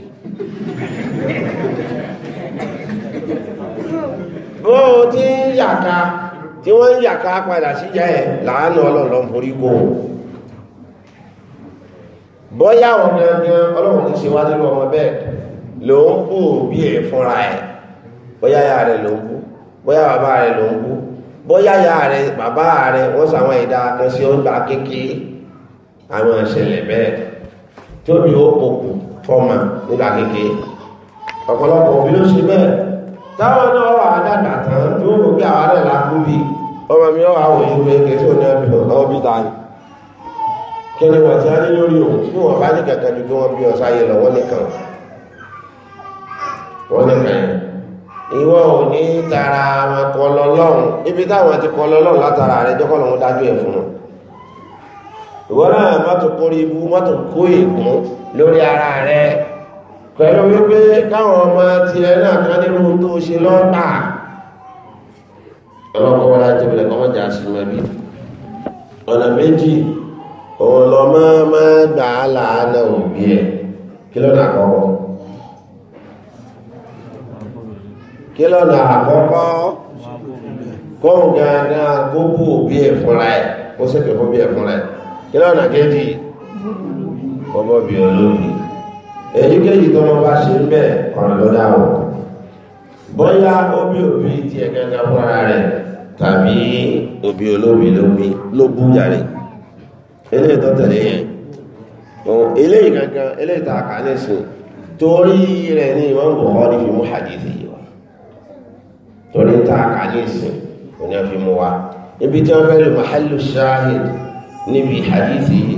bó ti ń yàká tí wọ́n ń yàká padà sí ya làánú kó bọ́yá ló ń bú òbí ẹ̀ fúnra ẹ̀ bóyá ya rẹ̀ ló ń bú bóyá bàbá rẹ̀ ló ń bú bóyá ya rẹ̀ bàbá rẹ̀ wọ́n sàwọn ìdá kan sí ọgbà kékeré àwọn ìṣẹ̀lẹ̀ bẹ́ẹ̀ tí ó bí ó pòpù fọ́mà nígbà kékeré ọ̀pọ̀lọpọ̀ òbí ló ṣe bẹ́ẹ̀ táwọn náà wà dàgbà tán tí ó gbé àwọn rẹ̀ lákúbì ọmọ mi wà wò yí pé kí tí ní ọdún ọmọ bí ta kí ni wọ́n ti á ní lórí òun tí wọ́n bá ní kankan ju kí wọ́n bí ọ̀sáyé lọ wọ́n nìkan wọ́n nìkan yẹn ìwọ ò ní tara wọn kọ lọ́lọ́run ibi táwọn ti kọ lọ́lọ́run látara rẹ̀ jọ́kọ́ lọ́wọ́ dájú ẹ̀ fún wọn ìwọ náà má tó kórí ibú má tó kó ègún lórí ara rẹ̀ pẹ̀lú wípé káwọn ọmọ tirẹ̀ náà kan nínú tó ṣe lọ́ta ọlọ́kọ̀ wọn láti bẹ̀rẹ̀ kọ́ mọ́jà sí mẹ́bí ọ̀nà méjì òun lọ máa máa gbà á làánà òbí ẹ̀ kí lọ́nà àkọ́kọ́ kí lọ́nà àkọ́kọ́ kóhùn gangan gbogbo òbí ẹ̀ fúnra ẹ̀ ó sì pè fún bí ẹ̀ fúnra ẹ̀ kí lọ́nà kejì ọmọ bí olóbi èyí kejì tó mọ́ bá ṣe ń bẹ̀ ọ̀rọ̀ ló dáwọ̀ bóyá òbí òbí ti ẹ̀ gangan fúnra rẹ̀ tàbí òbí olóbi lóbi ló bú yàrá eléyìí tó tẹ̀lé yẹn eléyìí gangan eléyìí tá a kà torí rẹ̀ ní ìwọ̀n bọ̀ ọ́ ní fi mú hadithi yìí wá torí ta kàníìsìn òní àfi mú wa ibi tí wọ́n fẹ́ lò mahalu shahid níbi hadithi yìí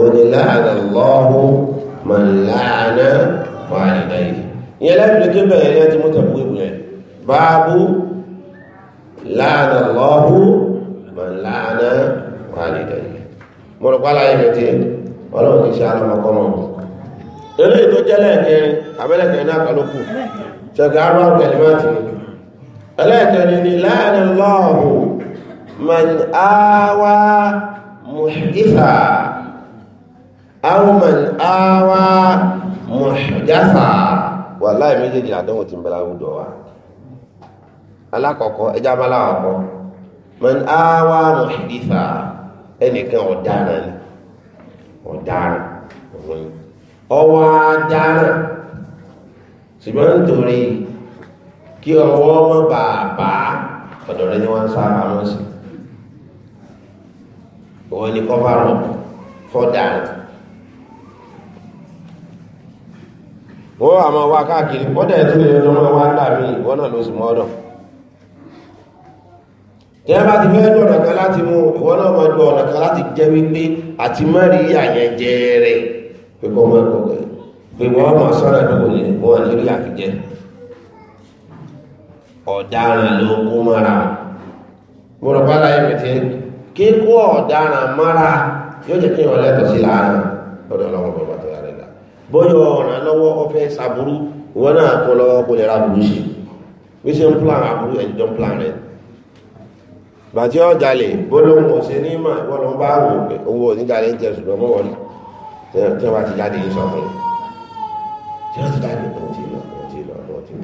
òní láàánà lọ́hù mà láàánà wàlìdá yìí ìyẹn láti lè kébẹ̀ ẹ̀rẹ́ tí mo tẹ̀kú ìbù yẹn báàbù láàánà lọ́hù mà láàánà yìí mo rò pálá yìí ti ọlọ́run kì í ṣe alámọ̀kọ́mọ̀ eléyìí tó jẹ́ lẹ́ẹ̀kẹrin abẹ́lẹ̀kẹrin náà kọ́ ló kù ṣẹ̀gá arúgbó kẹlẹ́mẹ́tì ẹlẹ́ẹ̀kẹrin ni láàrin lọ́ọ̀hù man áwá mùhìdífà àwọn man áwá mùhìdáfà wà láì méjèèjì àdánwò tí ń bẹ̀rẹ̀ àwùjọ wa alákọ̀ọ́kọ́ ẹjá bá láwọ̀kọ́ man áwá mùhìdífà ẹnìkan ọ̀daràn ni ọ̀daràn ọwọ́ adaràn ṣùgbọ́n nítorí kí ọwọ́ mọ́ bàbá ọ̀dọ̀ rẹ ni wọ́n ń sábà mọ́ sí òun ni kọ́fàrọ̀ fọ́dà wọ́n àmọ́ wá káàkiri wọ́n dẹ̀ tún lè lọ́mọ wá dàbí ìwọ́n náà ló sì mọ́ ọ̀dọ̀ tẹ́lá ti fẹ́ lọ ọ̀nà kan láti mú ìwọ́n náà máa lọ ọ̀nà kan láti jẹ́ wípé àti mẹ́rin àyẹn jẹ́ rẹ̀ pé kọ́ mọ́ ẹ̀kọ́ pé wọ́n máa sọ́nà ìdòwò yẹn wọ́n rí àfijẹ́ ọ̀daràn ló kó mọ́ra mọ́rọ̀ bára ẹ̀mí tí kíkó ọ̀daràn mọ́ra yóò jẹ́ kí wọ́n lẹ́tọ̀ sí láàárín lọ́dọ̀ ọlọ́wọ́ bọ̀ bàtọ̀ rẹ̀ dá bóyọ ọ̀ràn lọ́wọ́ ọfẹ́ sàbúrú ìwọ náà kó lọ́wọ́ kó lè ra burú sí bí ṣe ń plan àbúrú ẹ̀jọ́ plan rẹ̀ bàtí ọ̀jalè bólóhùn ọ̀sẹ̀ ní mà ìwọ lọ bá wò pé owó oníjàlè tí wọ́n ti jáde yìí sọ tí wọ́n ti jáde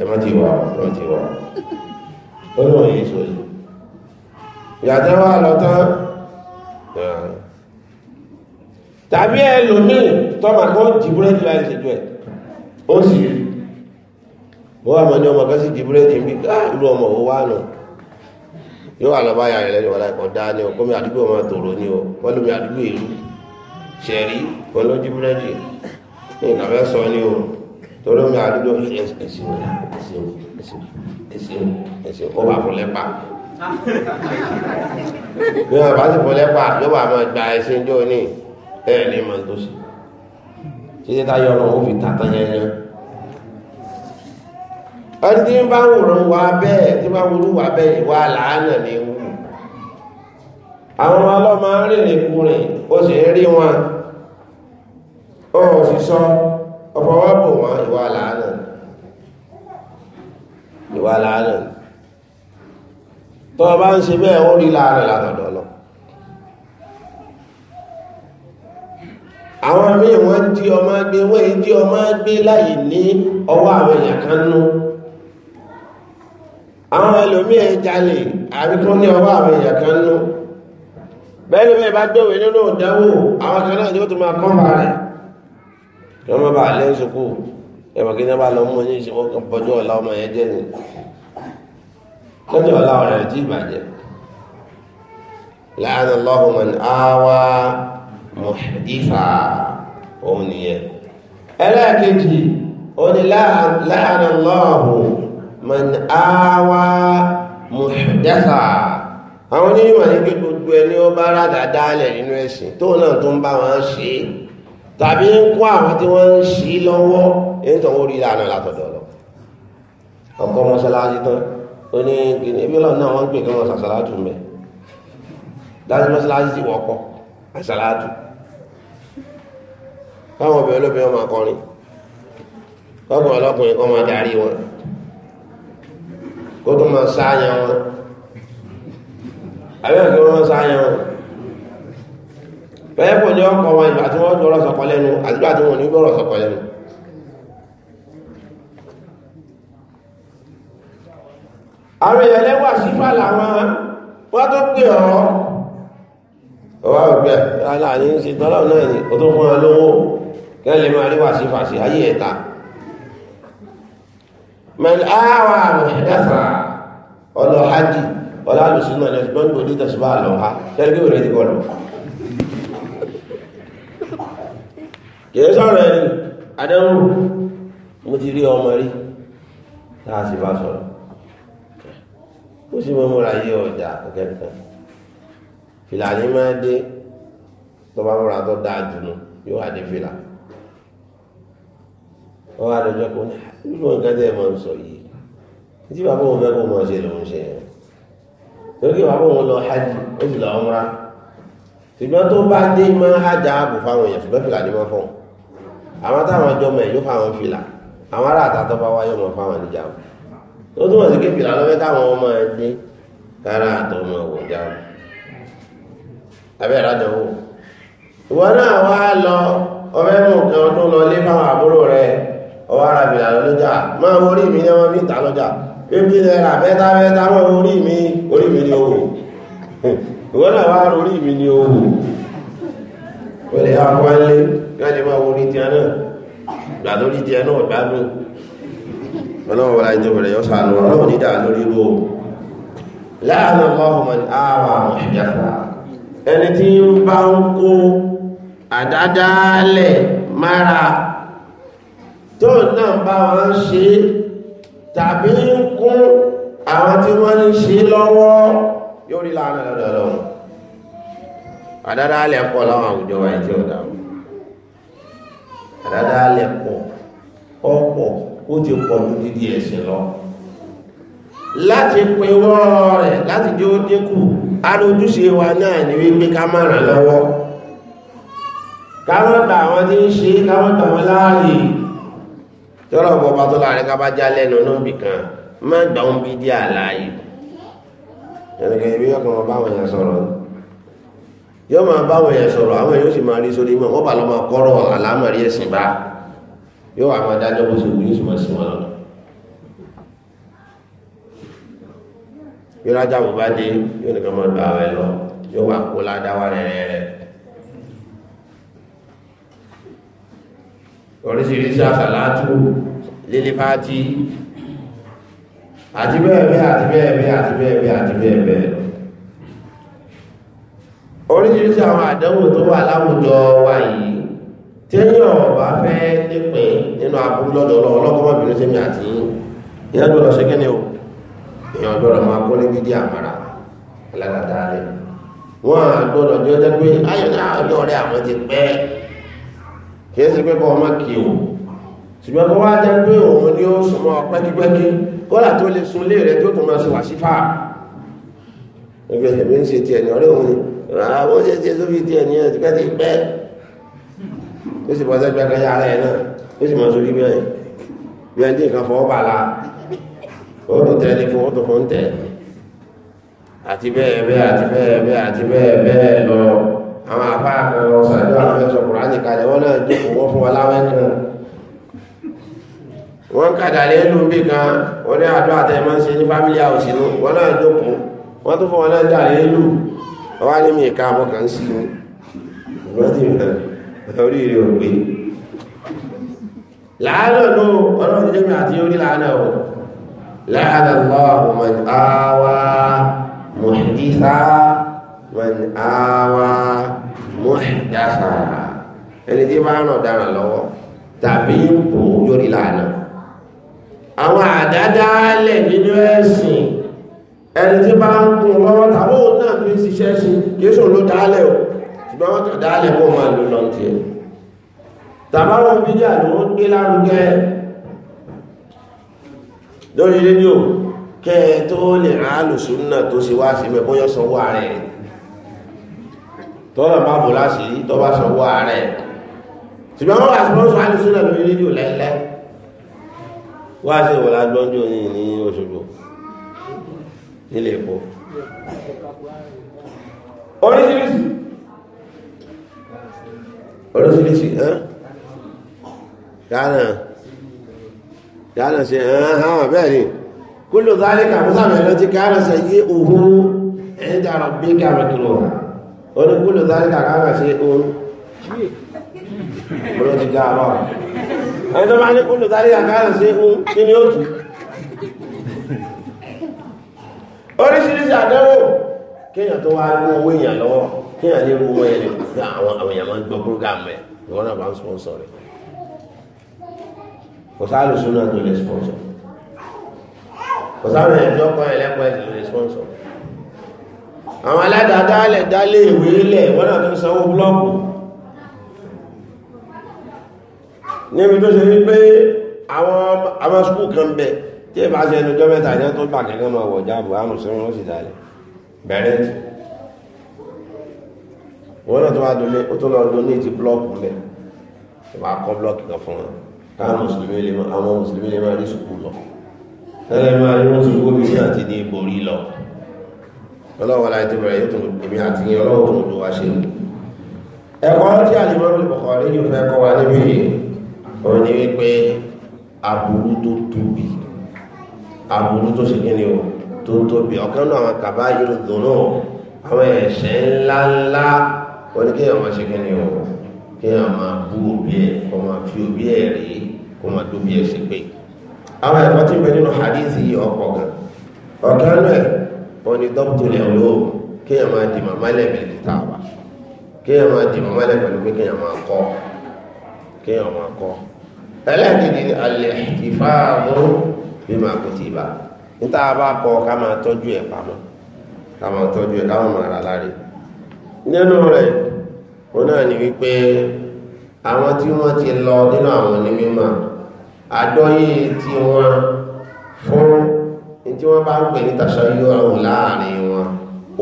ẹ má ti wà ẹ ti wà ó yìí sóyè ìyàtọ̀ wà lọ́tọ́ tàbí ẹ lòmíì tọ́mà kan jí búrẹ́dì láì ṣètò ẹ̀ ó sì rí bọ́ àmọ́ ní ọmọ kan sí ń bí ìlú ọmọ ò wà nù yóò wà lọ bá yàrá lẹ́nu wà dá ní ọkọ mi àdúgbò ọmọ tòrò ní ọ wọ́n lómi àdúgbò ìlú ṣẹ̀rí wọn ló jí ní ìkàfẹ́ sọ ní o torí mi àdúgbò ẹsìn wọn ẹsìn ẹsìn ẹsìn ẹsìn ó wà fún lẹ́pà bí wọn bá sì fún lẹ́pà yóò wà máa gba ẹsìn jọ ní ẹ ní mọ tó ṣe títí táyọ Ọlọ́run ó fi tàtàn yẹn yẹn ẹni tí ń bá wòrán wa bẹ́ẹ̀ tí bá wúrú wa bẹ́ẹ̀ ìwà làánà ni wù àwọn ọlọ́mọ rìnrìn kùnrin ó sì ń rí wọn ó sì sọ ọfọwọ́bò wọn ìwà làánà ìwà làánà tó bá ń ṣe bẹ́ẹ̀ ó rí láàrin látọ̀dọ̀ lọ àwọn míì wọ́n jí ọmọ gbé wọ́n jí ọmọ gbé láì ní ọwọ́ àwọn èèyàn kan nú àwọn ẹlòmíì jalè àbíkún ní ọwọ́ àwọn èèyàn kan nú bẹ́ẹ̀ lómi bá gbéwèé nínú ìdánwò àwọn kan náà yóò tó máa kọ́ bá kí wọ́n má bàa lẹ́yìn sùkú ẹ̀mọ̀ kí ní bá lọ mú ní ìṣẹ́wọ́ kan bọ́jọ́ ọ̀la ọmọ yẹn jẹ́ ni lọ́jọ́ ọ̀la ọ̀rẹ́ rẹ̀ tí ìbàjẹ́ láàrín lọ́hùnmọ̀ ní àwa mọ̀ṣẹ́dífà òun nìyẹn ẹlẹ́ẹ̀kejì ó ní láàrín lọ́hùnmọ̀ ní àwa mọ̀ṣẹ́dẹ́fà àwọn onímọ̀ ní gbogbo ẹni ó bá rádàá dálẹ̀ nínú ẹ̀sìn tóun náà tó ń bá wọn ṣe é tàbí ń kó àwọn tí wọ́n ń ṣí lọ́wọ́ èyí tó ń rí lànà látọ̀dọ̀ lọ ọkọ̀ mọ́sálásí tán ó ní gíní ebi ọlọ́run náà wọ́n ń pè kí wọ́n sàṣàlátù mẹ́ dájú mọ́sálásí ti wọ́pọ̀ àṣàlátù káwọn obìnrin olóbìnrin máa kọrin ọkùnrin ọlọ́kùnrin kan máa darí wọn kó tó máa sáàyàn wọn àbẹ́rẹ́ kí wọ́n máa wọn pẹ́ẹ́pọ̀ ní ọkọ̀ wọn ìgbà tí wọ́n gbọ́rọ̀ sọ̀kọ̀ lẹ́nu àti ìgbà tí wọ́n ní gbọ́rọ̀ sọ̀kọ̀ lẹ́nu àwọn èèyàn lẹ́wà sífà làwọn wọ́n tó pè ọ́ ọwá òpẹ́ aláàní ń ṣe tọ́lá náà ni ó tó fún ọ lówó kẹ́ lè máa ríwà sífà sí ayé ẹ̀ta kìí sọ̀rọ̀ ẹni adẹ́rù mo ti rí ọmọ rí láà sí bá sọ̀rọ̀ ó sì mọ́ múra yí ọjà ọ̀kẹ́kẹ́ fìlà ní máa dé tó bá múra tó dáa jùlọ yóò wà dé fìlà wọ́n wá lọ́jọ́ kó ní ìlú ah, nǹkan tẹ́ ẹ máa ń sọ yìí tí bàbá òun fẹ́ kó mọ̀ ṣe lòun ṣe yẹn torí bàbá òun lọ hajj ó sì lọ ọmọra ṣùgbọ́n tó bá dé máa hajj ààbò fáwọn èèyàn ṣùgbọ́n fìlà ní máa fọ́n àwọn táwọn ọjọ́ mọ̀ yóò fáwọn fìlà àwọn ará àtàtọ́ bá wáyé ọmọ fáwọn níjà ó túnmọ̀ sí kéfìlà lọ́fẹ́ táwọn ọmọ ẹ dé kára àtọ́ ọmọ ọ̀wọ̀ já abẹ́ ìrádọ́wò ìwọ náà wá lọ ọbẹ̀ mú nǹkan ọdún lọ lé fáwọn àbúrò rẹ ọwọ́ ara fìlà lọ́jà máa wo orí mi ní wọn fi ta lọ́jà pépé náírà mẹ́ta mẹ́ta máa orí mi orí mi ni owó ìwọ náà wá orí mi ni owó ó lè yá yóò lè máa wo orí tiẹ̀ náà gbà lórí tiẹ̀ náà gbádùn ọlọ́run wọlé ìjọba rẹ̀ yóò sànù ọlọ́run nídà lórí ro láàrín ọlọ́run àwà ìyàfà ẹni tí ń bá ń kó àdádálẹ̀ mára tó náà bá wọn ṣe tàbí ń kún àwọn tí wọ́n ń ṣe lọ́wọ́ yóò rí láàrín ọlọ́run àdádálẹ̀ pọ̀ láwọn àwùjọ wa ìjọ ọ̀dàwọ̀ àdáda alẹ̀ pọ̀ ọ̀pọ̀ ó ti pọ̀ ju dídí ẹ̀sìn lọ láti pinwọ́ rẹ̀ láti jẹ́ ó dínkù alójúṣe wa náà ni wípé ká má ràn lọ́wọ́ ká má gbà àwọn tí ń ṣe ká má gbà wọn láàyè tọ́rọ̀ bọba tó láàrin ká bá já lẹ́nu lóbi kan má gbà wọn bí dí àlàyé ẹnìkan ibi ọkàn ọba àwọn èèyàn sọ̀rọ̀ yóò máa bá àwọn èèyàn sọ̀rọ̀ àwọn èèyàn sì máa rí sórí mọ́ wọ́n bá lọ́ máa kọ́rọ̀ àlámọ̀rí ẹ̀sìn bá yóò wà máa dájọ́ bó ṣe wù yóò sì máa sìn wọn lọ́nà. yóò rájà bó bá dé yóò nìkan máa gba àwẹ̀ lọ yóò wà kó ládàá rẹ̀rẹ̀rẹ̀. oríṣiríṣi àsàlátù lílé fáti àti bẹ́ẹ̀ bẹ́ẹ̀ àti bẹ́ẹ̀ bẹ́ẹ̀ àti bẹ́ẹ̀ bẹ́ẹ̀ lọ oríṣiríṣi àwọn àdánwò tó wà láwùjọ wa yìí téèyàn ọba fẹ́ nípìn nínú aburú lọ́dọ̀ ọlọ́run ọlọ́kọ́ àti ìyá gbọ́dọ̀ ṣe ni o èèyàn gbọ́dọ̀ máa kó ní gidi àmàrà aládàáda rẹ̀ wọ́n á gbọ́dọ̀ jẹ́ ọjọ́ pé ayọ̀ ní àjọ rẹ̀ àwọn ti pẹ́ kì ṣe pé kọ́ ọmọ kì o ṣùgbọ́n kó wá jẹ́ pé òun ni ó súnmọ́ pẹ́kípẹ́kí kọ́là tó lè sun lé rẹ̀ tó tún máa ṣe wá sífà ẹgbẹ́ ẹ̀mí ń ṣe tiẹ̀ ní ọ̀rẹ́ òun àwọn oṣù tí èso fi di ẹni ẹ tipẹ́ ti pẹ́ ó sì bọ́ sẹ́gbẹ́ kan yára ẹ náà ó sì mọ̀ sórí bẹ́ẹ̀ bí ẹni tí nǹkan fọwọ́ bà la ó tún tẹ ní fún ó tún fún tẹ àti bẹ́ẹ̀ bẹ́ẹ̀ àti bẹ́ẹ̀ bẹ́ẹ̀ àti bẹ́ẹ̀ bẹ́ẹ̀ lọ àwọn afá kan ṣàdúrà àwọn ẹ̀ṣọ́ kùránì kalẹ̀ wọn náà jókòó wọn fún wa láwẹ́ kan wọ́n kàdà lé ló bí kan wọ́n ní àdó àtẹ̀mọ́ ṣe ní fámílì àwòsínú wọ́n náà jókòó wọ́n tó fún wọn náà dà lé lù wá ní mi ìka àmọ́ kan sí ní ìgbọ́dí orí rẹ̀ òpé láàárọ̀ ló ọlọ́run jẹ́ mi àti orí láàárọ̀ o láàárọ̀ lọ́wọ́ man áwá muhditha man áwá muhdatha ẹni tí máa ń dára lọ́wọ́ tàbí ń bò yórí láàárọ̀ àwọn àdádálẹ̀ nínú ẹ̀sìn ẹni tí bá ń gun lọ́wọ́ tàbí òun náà fi ń ṣiṣẹ́ sí jésù ló dálẹ̀ o ṣùgbọ́n wọ́n kà dálẹ̀ kó máa lò lọ tiẹ̀ tàbáwọn bídíà ló ń gbé lárugẹ lórí rédíò kẹ tó lè rán àlùsùn náà tó ṣe wá síbẹ̀ bóyá sanwó ààrẹ tọ́lá bá bò láṣìírí tó bá sanwó ààrẹ ṣùgbọ́n wọ́n wà sọ́ọ́sọ́ àlùsùn náà lórí rédíò lẹ́lẹ́ wá sí ìwọ̀lá gbọ́njọ́ ní Òṣogbo nílé epo oríṣiríṣi oríṣiríṣi hàn yánà yánà ṣe hàn hàn bẹ́ẹ̀ ni kúlù záàlì kàmúsàmì ẹ̀lọ́ ti káàrà ṣe yí òhun ẹ̀dà rọ̀bí kàmìkìlò orí kúlù záàlì kàkàrà ṣe òhun ọlọ́dí dáa lọ́wọ́ ẹ̀dọ́ máa ní kúlù záàlì kàkàrà ṣe òhun kí ni ó tù oríṣiríṣi àdánwò kéèyàn tó wá ní owó èèyàn lọ́wọ́ kéèyàn ní irú owó ẹni gba àwọn àwọn èèyàn máa ń gbọ́ programu ẹ̀ ìwọ náà bá ń sponsor rẹ̀ kò sáàlù súnà tó lè sponsor kò sáàlù ẹ̀jọ́ kan ẹlẹ́kọ̀ọ́ ẹ̀sìn lè sponsor àwọn aládàádálẹ̀ dálé ìwé ilẹ̀ ìwọ náà tó ń sanwó búlọ́ọ̀kù níbi tó ṣe wípé àwọn àwọn skul kan bẹ̀ẹ́ tí ìbá ṣe ẹnujọ́ mẹ́ta ìjẹ́ tó gbà kẹ́kẹ́ máa wọ̀ jáàbù àrùn sí wọn sì dalẹ̀ bẹ̀rẹ̀ tí wọn náà tó wá dolé ó tó lọ dolé ti blọọkù lẹ̀ ìbá kọ́ blọọkì kan fún wọn káwọn mùsùlùmí lè máa àwọn mùsùlùmí lè máa rí sùkúù lọ tẹ́lẹ̀ máa rí wọn sùkúù bí náà ti ní borí lọ ọlọ́wọ́ láì tó bẹ̀rẹ̀ yóò èmi àti yín ọlọ́wọ́ tó lò wá ṣe ẹ̀kọ́ aburú tó ṣe kíni o tó tóbi ọ̀kan náà àwọn kàbá yóò dùnú àwọn ẹ̀ṣẹ̀ ńláńlá wọ́n ní kéèyàn máa ṣe kíni o kéèyàn máa bú òbí ẹ̀ kó máa fi òbí ẹ̀ rí kó máa dóbi ẹ̀ sí pé àwọn ẹ̀kọ́ tí ń bẹ nínú hadith yìí ọ̀pọ̀ gan ọ̀kan náà wọ́n ní dọ́kítọ̀ lẹ̀ olóòwò kéèyàn máa di màmá lẹ́bẹ̀ẹ́ ní tààwà kéèyàn máa di màmá lẹ́bẹ̀ẹ́ pẹ̀lú pé kéèyàn máa kọ́ kéèyàn máa kọ́ ẹlẹ́ẹ̀kejì ni alẹ́ ìfáàmù mímọ àkótì ìbá níta bá kọ ká máa tọ́jú ẹ̀ pamọ́ ká máa tọ́jú ẹ̀ káwọn máa ra láre nínú rẹ̀ òun náà ni wípé àwọn tí wọ́n ti lọ nínú àwọn ní mímọ̀ àdọ́yé tí wọ́n fún tí wọ́n bá ń pè ní tàṣàyò ọ̀hún láàrin wọn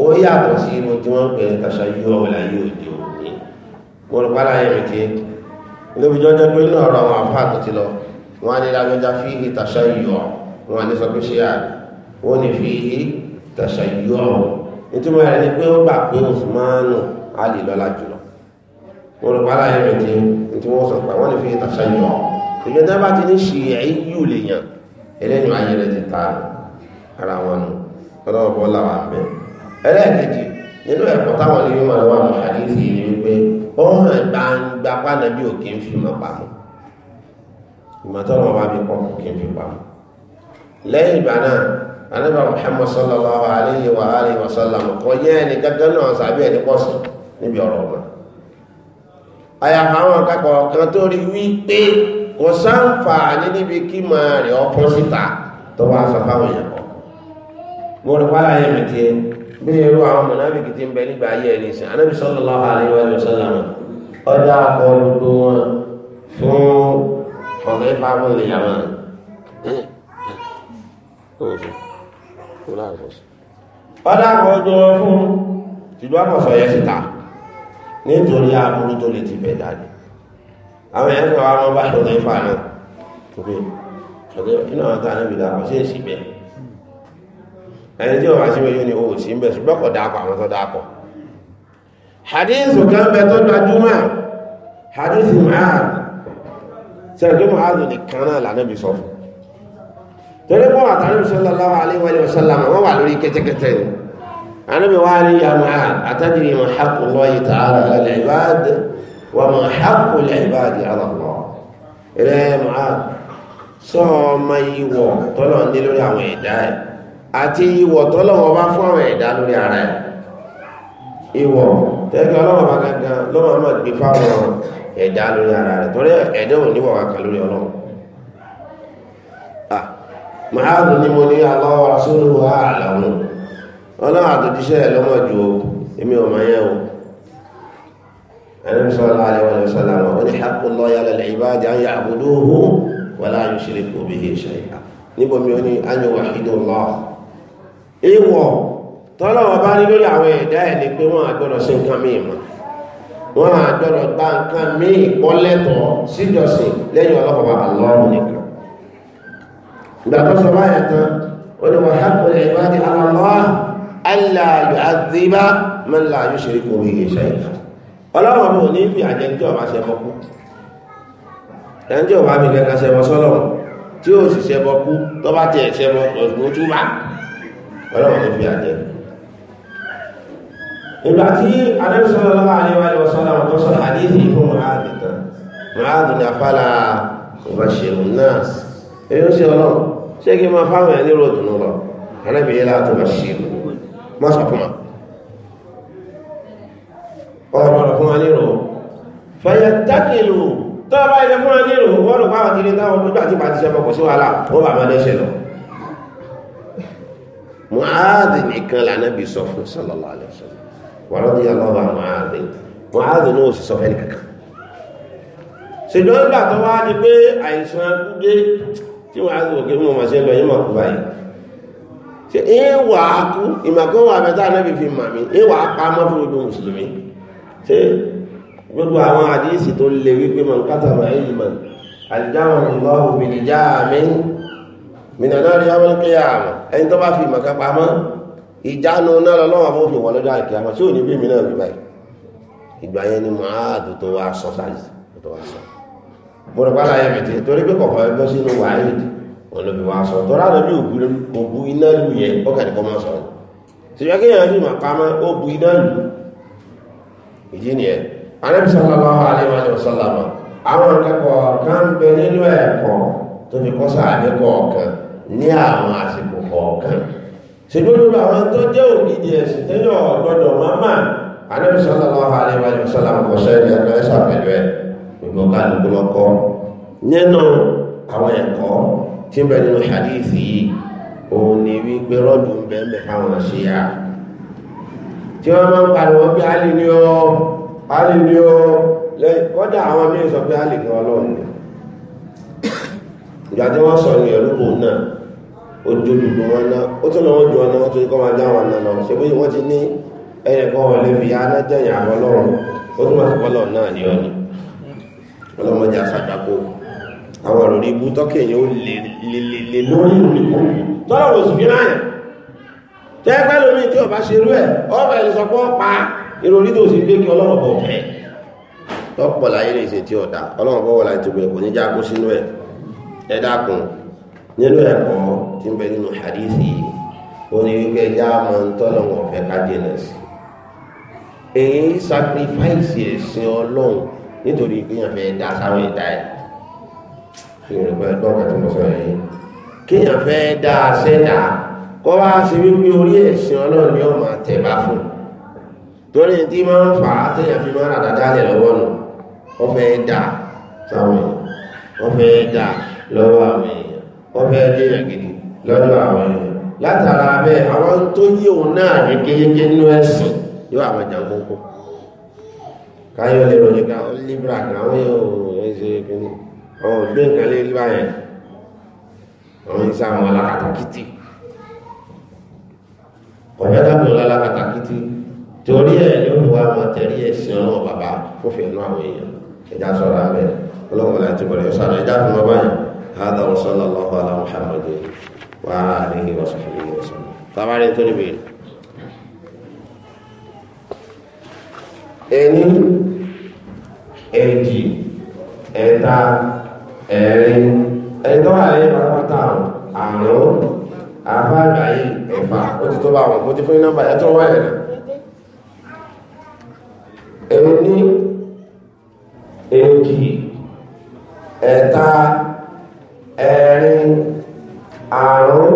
ó yàtọ̀ sí inú tí wọ́n ń pè ní tàṣàyò ọ̀hún láyé òde òní mo rò pálá yẹn mi ti lóbi jọjọ pé inú ọ̀rọ̀ àwọn àfáà tó ti lọ wọ́n á ní lábẹ́já fíhì tàṣàyọ̀ wọ́n á ní sọ pé ṣe à wọ́n ní fíhì tàṣàyọ̀ nítorí rẹ̀ ni pé ó gbà pé Usmanu á lè lọ́lá jùlọ wọ́n rọ̀ pàdà ẹ̀rẹ̀ tí tí wọ́n sọ pé wọ́n ní fíhì tàṣàyọ̀ ìjọ tẹ́ bá ti ní ṣì ẹ̀yí yù lè yàn ẹlẹ́yìn ayé rẹ̀ ti ta ara wọn nù ọlọ́wọ́ bọ́ láwà bẹ́ ẹlẹ́ẹ̀kejì nínú ẹ̀kọ́ táwọn ilé wọn wà ní àdéhìí ni wípé ó hàn gbangba pàdánù òkè ń fi mọ̀ pamọ́ ìmọ̀tọ́rọ̀ wa mi kọ́ kí n fi pa lẹ́yìn ìgbà náà anábà Muhammad sallallahu alayhi wa alayhi wa sallam kọ yẹ́ ẹni gẹ́gẹ́ náà sàbí ẹni pọ̀sùn níbi ọ̀rọ̀ ọ̀gbà àyàfà àwọn akẹ́kọ̀ọ́ kan tó rí wí pé kò sáǹfà ní níbi kí máa rẹ̀ ọkọ̀ síta tó wá sọ fáwọn èèyàn kọ̀ mo rí wàhálà bí irú àwọn mọ̀nàbìkì ti ń bẹ nígbà ayé ẹni sìn anábì sallallahu alayhi wa sallam ọjà akọ gbogbo wọn fún ọ̀rẹ́ bá mọ̀ ní yàrá ọ̀dà kan jọ fún ṣùgbọ́n àkọ́sọ̀ yẹn síta nítorí aburú tó lè ti bẹ̀ jáde àwọn yẹn kọ́ àwọn bá ṣọ̀rọ̀ ìfà náà tóbi ọ̀dẹ́ iná wọn ta níbi dáa ṣe é sì bẹ̀ ẹni tí ọba sí méjì ni o ò sí ń bẹ̀ ṣùgbọ́n kọ̀ dáàpọ̀ àwọn tó dáàpọ̀ hadith kan bẹ tó gbajúmọ̀ hadith mìíràn sẹ́rẹ̀dọ́ mọ̀háàdù nìkan náà lànàbì sọ fún torí mọ́ àtàrí sallallahu alaihi wa sallam wọ́n wà lórí kẹ́tẹ́kẹ́tẹ́ ni anábì wá ní ya Mu'adh atadri ma haqqu Allahi ta'ala 'ala al-'ibad wa ma haqqu al-'ibad 'ala Allah sọ ọmọ ìwọ̀ tọ́lọ̀ ní àwọn ẹ̀dá ẹ̀ ìwọ̀ tọ́lọ̀ bá fún lọ́wọ́ máa gbé fáwọn ẹ̀dá lórí ara rẹ̀ torí ẹ̀dá ò níwọ̀ kankan lórí ọlọ́run ah, màáàdùn ni mo ní aláwọ̀ rasúlù wà àlàmù ọlọ́run àtòjíṣẹ́ ẹ̀ lọ́mọ ju o èmi ò máa yẹn o ẹni sọ́lá àlẹ́wọ̀n ní sọ́lá wọn ó ní hapò lọ́yà lẹ́lẹ́ ìbáàdì ayé àbúdó hù wọlá ayé ṣeré kò bí i ìwọ̀ tọ́lọ́wọ̀ bá ní lórí àwọn ẹ̀dá ẹ̀ ni pé wọ́n àgbọ̀dọ̀ sí nǹkan mìíràn wọ́n á dọ̀rọ̀ gba nǹkan míì kọ́lẹ́tọ̀ síjọsìn lẹ́yìn ọlọ́pàá àlọ́ọ̀mù nìkan ìgbà tó sọ báyà tán ó ní wọ́n hápò lè bá di àlọ́ aláàyò àdìbá mẹ́lá ayé ṣeré kò rí iṣẹ́ ìgbà ọlọ́wọ́n bò ìgbà tí anẹ́sọ́lọ́ aléwájú ọ̀sọ́lá tó sọ àdífì fún mùhàdì tán mùhàdì ní afálà ìbáṣẹ̀rù náà èyí ó sì ọ̀nà ṣé kí máa fáwọn ẹ̀ nírò dùnú lọ anábìyẹ láti bá ṣe má sọ fún wa ọ̀rọ̀ fún wa nírò fẹ̀yẹ tákìlù tó bá ilẹ̀ fún wa nírò wọ́n rò pàwọn kiri táwọn lójú àti bàtí sẹ́fọ̀ kò sí wàhálà wọ́n bá máa dẹ́ṣẹ̀ wàrọ́dí ọlọ́wà mọ̀háàdì mọ̀háàdì náà sì sọ fẹ́ nìkankan ṣèjọ́ nígbà tó wá ní pé àìsàn dé tí wọ́n á ti wòkè mọ̀ màṣẹ lọ yín màkú báyìí ṣe é wà á kú ìmàkọ́ wà bẹ́tà anábì fi mà mí é wà á pa mọ́ fún gbogbo mùsùlùmí ṣe gbogbo àwọn àdíyèsí tó lè wípé mọ̀ nkátà mọ̀ ẹ̀yìn mọ̀ àdìjáwọ̀ ọ̀gbọ̀n òbí ìjánu náà lọ́wọ́ fún òfin wọn lọ́jọ́ àìkí àmọ́ tí ò ní bí mi náà rí báyìí ìgbà yẹn ni màáàdù tó wá sọ sáyìí tó wá sọ bọ̀rọ̀ pàdà yẹn mi ti torí pé kọ̀kọ́ ẹgbẹ́ sínú wàhálì wọn ló fi wá sọ tọ́lá lọ bí òbu iná lù yẹn ó kàdé kọ́ máa sọ ni ṣèjọ́ kí èèyàn yìí mà ó bu iná lù ìdí nìyẹn anábì sallallahu alaihi wa sallam àwọn akẹ́kọ̀ọ́ kan bẹ nínú ẹ̀kọ́ tó fi kọ́ sáà ní kọ̀ọ̀kan ní àwọn àsìkò kọ̀ọ̀kan ṣègbódò àwọn tó jẹ́ ògidì ẹ̀sìn tẹ́yọ̀ gbọ́dọ̀ máma Ànábì sallallahu alaihi wasallam ọ̀sẹ̀ ní àgbẹ̀rẹ́sà pẹ̀lú ẹ̀ gbogbo kálukú lọ́kọ́ nínú àwọn ẹ̀kọ́ tí ń bẹ nínú hadith yìí òun ni wípé rọ́dù ń bẹ́ẹ̀ fáwọn ṣe à tí wọ́n máa ń pariwo bí alì ni ó alì ni ojú gbogbo wọn náà ó tún lọ́wọ́ ju ọ̀nà wọn tó kọ́ máa dá wọn náà lọ ṣe bóyá wọ́n ti ní ẹnì kan wọn lè fi aná jẹ̀yìn àwọn ọlọ́run ó tún máa pọ́lọ̀ náà ní ọ̀nà ọlọ́mọdé àṣàkàkọ́ àwọn ọ̀rọ̀ ibú tọ́kẹ̀ yẹn ó lè lórí ìrìnkú tọ́lọ̀ wò sí fílà yẹn tẹ́gbẹ́ lómi tí ọba ṣe rú ẹ̀ ọba ẹni sọ pé ó pa ìròrí tó sì gbé kí ọlọ́run bọ̀ fẹ́ tọ́pọ̀ láyé lè ṣe tí ọ̀dà ọlọ́run bọ̀ wọ̀ láti tó gbé kò ní já kó sínú ẹ̀ ẹ dákun nínú ẹ̀kọ́ tí ń bẹ nínú hadithi yìí ó ní wípé ẹja máa ń tọ́lọ̀ wọn fẹ́ ká jìnà sí èyí sacrifice ẹ̀sìn ọlọ́run nítorí kéèyàn fẹ́ dá sáwọn ìta ẹ̀ kéèyàn fẹ́ gbọ́n àti mọ̀sán yìí kéèyàn fẹ́ dá sẹ́dá kọ́ wá sí wípé orí ẹ̀sìn ọlọ́run ni ó máa tẹ̀ bá fún torí tí máa ń fà á téèyàn fi máa ń rà dáadáa lọ́wọ́ nù ó fẹ́ dá sáwọn èèyàn ó fẹ́ dá lọ́wọ́ àwọn èèyàn ó fẹ́ dé èèyàn lọ́dọ̀ àwọn ènìyàn látara abẹ́ àwọn tó yí òun náà ní kéyéké nínú ẹ̀sìn yóò àwọn jàǹkókò káyọ̀ lè ròyìn ká libra àwọn yóò ṣe kíní àwọn ògbé nǹkan lè rí báyẹn àwọn ìṣe àwọn alákatakítí ọ̀rẹ́ dábìlì alákatakítí torí ẹ̀ ló ń wá àwọn tẹ̀rí ẹ̀sìn ọlọ́run bàbá fòfin ẹ̀nu àwọn èèyàn ẹ̀já sọ̀rọ̀ abẹ́ ọlọ́run láti bọ̀rẹ̀ ọ̀sán ẹ̀já fún ọba wà á rí ìwọ̀sán fún ìwọ̀sán tàbárí tó níbi ẹni ẹ̀jì ẹ̀ta ẹ̀rin ẹ̀tọ́ àlẹ́ pátápátá àrùn àfáàgbáyé ẹ̀fà ó ti tó bá wọn kó ti fún nọ́mbà ẹ̀tọ́ wà ẹ̀rẹ̀ ẹni àrùn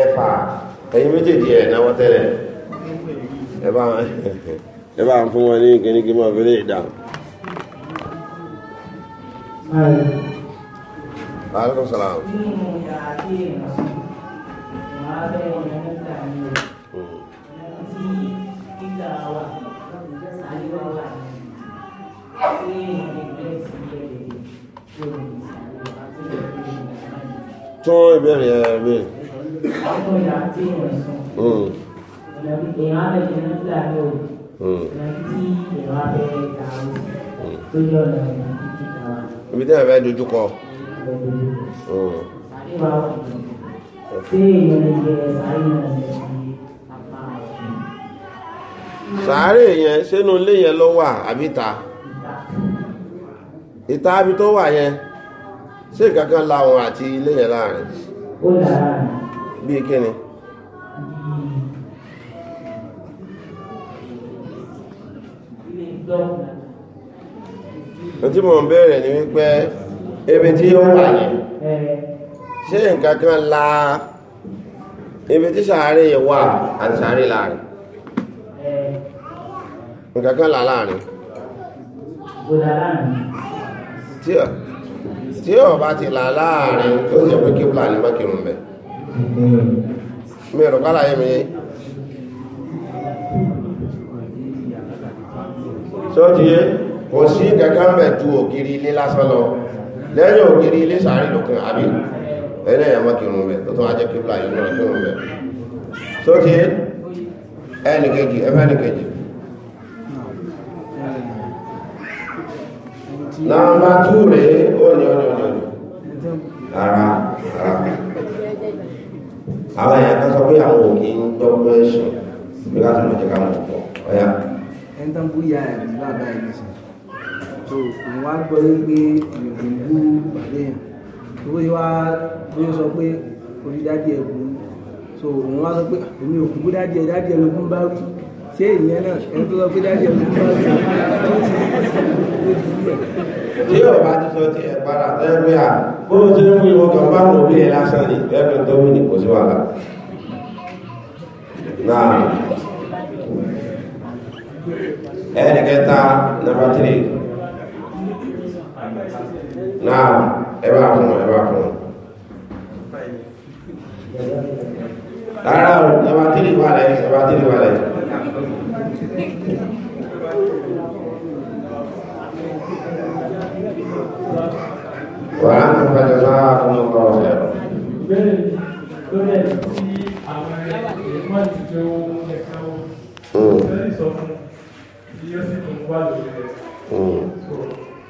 ẹ̀fà ẹ̀yìn méjèèjì ẹ̀ náwọ́ tẹ́lẹ̀ ẹ bá ń fún wọn ní kìnnìkì mọ́ fi lè dà. Aleykum salaam. Thank hmm. you tún ìbéèrè ẹ̀ béèrè. Mm. Mm. Mm. ibi tí ẹ̀fẹ́ dojú kọ. sàárè yẹn sínú ilé yẹn ló wà àbí ta ìta àbí tó wà yẹn sí ìkankan láwọn àti ilé yẹn láàrin bí i kíni ohun tí mo ń béèrè ni wípé ibi tí ó wà yẹn ṣé nǹkankan la ibi tí sàárè wà àti sàárè láàrin nǹkankan là láàrin tí ọ̀ tí ó bá ti là láàrin tó sì pé kíbla ní mọ́kìrún bẹ̀ mi rò kálà yé mi sọ́tí yé kò sí kankan bẹ̀ ju ògiri ilé lásán lọ lẹ́yìn ògiri ilé sàárì lòkan àbí ẹlẹ́yìn mọ́kìrún bẹ̀ tó tó wá jẹ́ kíbla yìí mọ́kìrún bẹ̀ sọ́tí yé ẹnìkejì ẹfẹ́ ẹnìkejì nọmba ó rárá rárá àwọn èèyàn kan sọ pé àwọn ò kí ń gbọ́ pé ẹ̀sùn bí láti mọ̀ jẹ́ ká mọ̀ pọ̀ ọ̀yà. ẹni tó ń bú ìyá ẹ̀ ní bàbá ẹ̀ ní so òun wá sọ pé ṣé ìyẹn náà ẹni tó lọ pé dájú ẹni tó lọ sí ọ̀hún tí yóò bá ti sọ ti ẹ̀ padà lẹ́gbẹ́ à bó o ti ń mú ìwọ kan bá wọn òbí ẹ̀ lásán ni lẹ́gbẹ́ tó wí ní kò sí wàhálà. náà ẹnì kẹta nàmbà tírì náà ẹ bá fún ẹ bá fún rárá o nàmbà tírì wà lẹ́yìn nàmbà tírì wà lẹ́yìn. wà á ní padà máa fún un kọ́ ọ̀rẹ́. ìbéèrè lórí ẹ̀ tí àwọn ẹ̀gbọ́n ti jẹ́ ohun ẹ̀ka ohun lórí ìsọfún tí yóò sì tún wà lórí rẹ̀.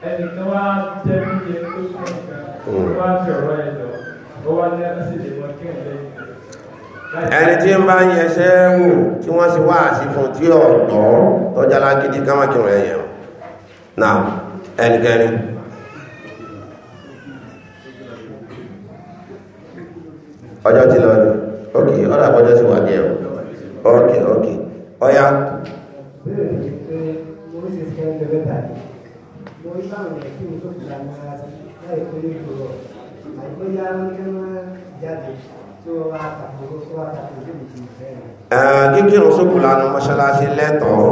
ẹnìkan wá jẹ́ bí iye tó sún nìkan wá fi ọ̀rọ̀ ẹ̀ lọ ó wá ní ẹ̀ka sì lè mọ kí òun lẹ́yìn ẹni tí ń bá ń yẹsẹ́ wò tí wọ́n sì wá àsìkò tí ọ̀dọ́ tọ́jà lágídí kámákìrún ẹ̀yẹ̀ náà ẹnikẹ́ni ọjọ́ ti lọ ní ok ọ̀dà àpọ̀jọ́ sí wà ní ẹ̀rọ ok ok ọ̀yá. kíkírun sókù lánà mọ́ṣáláṣí lẹ́tọ̀ọ́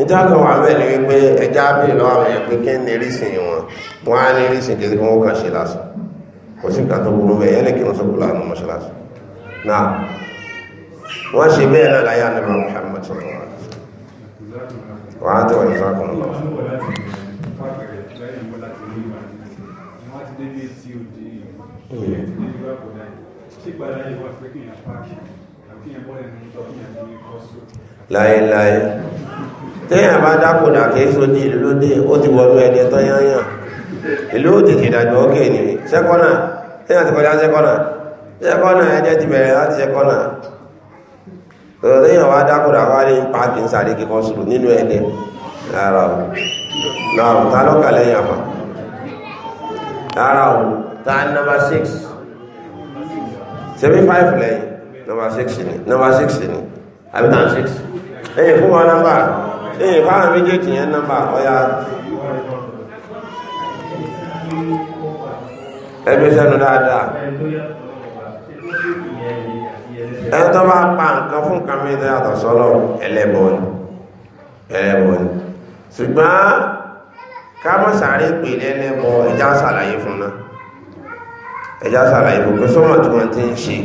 ìjákọ̀ wà bẹ́ẹ̀ ni wípé ẹja bí lọ́wọ́ àwọn ẹ̀pẹ́ kí ní rísìn wọn wọ́n á ní rísìn kí wọ́n kàn ṣe lásán kò sí nǹkan tó burú bẹ́ẹ̀ yẹn lè kí wọ́n sọ́kù láàánú mọ́ṣáláṣí náà wọ́n ṣe bẹ́ẹ̀ náà láyé àná ìmọ̀ Muhammad sọ̀rọ̀ wàá tẹ̀wọ̀ ní sákùn lọ. láéláé téèyàn bá dákòdà kìí sódì ìlú lóde ó ti wọnú ẹni tán yányàn ìlú òdìkìdàjọ́ òkè ní sẹ́kọ́nà ẹ̀yà ti kọjá sẹ́kọ́nà sẹ́kọ́nà ẹ̀jẹ̀ ti bẹ̀rẹ̀ láti sẹ́kọ́nà tọ̀tọ̀tẹ̀yàn wá dákùnrà wá ní páàkì ń sáré kíkọ́ sùrù nínú ẹ̀lẹ́ ara ò náà ta lọ́kà lẹ́yìn àmà ara ò ta nọ́mbà 6 75 lẹ́yìn nọ́mbà 6 ni nọ́mbà 6 ni àbí tàn 6 ẹ̀yìn fún wọn nọ́mbà ẹ̀yìn fáwọn méjèèjì yẹn nọ́mbà ọ̀yà ẹlẹ́sẹ̀nu dáadáa ẹni tó bá pa nǹkan fún nǹkan mi tó yàtọ̀ sọ́lọ̀ ẹlẹ́bọ ni ẹlẹ́bọ ni ṣùgbọ́n ká mọ̀ pè ẹjá fún náà ẹjá sàlàyé fún pé sọ́mọ̀ tí wọ́n ti ń ṣe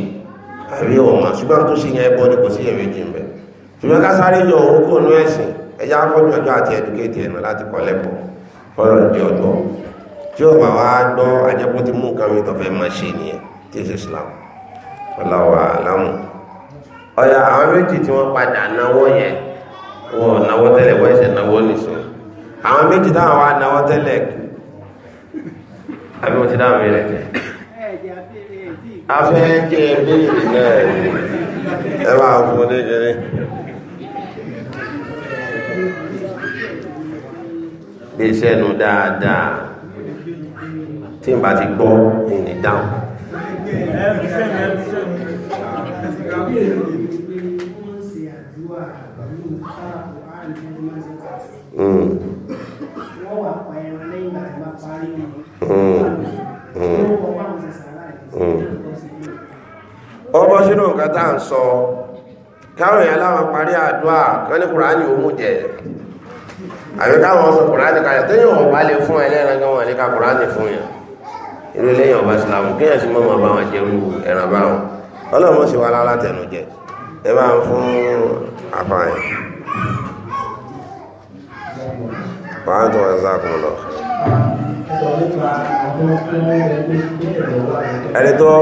àbí ọmọ ṣùgbọ́n tó ṣe yẹn ẹbọ ni kò sí ṣùgbọ́n ká sáré yọ owó tí ó bá wá gbọ́ ajẹ́kú ti mú nǹkan mi tó fẹ́ máa ṣe nìyẹn tí ó ṣe Islam ọláwà alámù ọ̀yà àwọn méjì tí wọ́n padà náwó yẹn wọn náwó tẹ́lẹ̀ wọ́n ẹ̀ṣẹ̀ náwó nìṣó àwọn méjì táwọn wá náwó tẹ́lẹ̀ kù àbí mo ti dáhùn mi rẹ̀ jẹ́ afẹ́ jẹ́ béèrè náà ẹ máa fún un léjẹrẹ. iṣẹ́ nu dáadáa tí n bá ti gbọ́ ìní dáhùn. Hmm. Hmm. ọbọ̀ sínú nǹkan tá à ń sọ káwọn èèyàn láwọn parí àdúrà kan ní kùránì òun jẹ àbí káwọn sọ kùránì kalẹ̀ téèyàn ọ̀bá lè fún ẹlẹ́ran gan wọn ní ká kùránì fún yẹn irú eléyàn ọba islam kéèyàn sì mọ́mọ́ bá wọn jẹun ẹ̀ràn bá wọn ọlọ́run sì wá lára tẹnu jẹ ẹ bá ń fún àfààní. wàá tó wọn sá kún lọ. ẹni tó.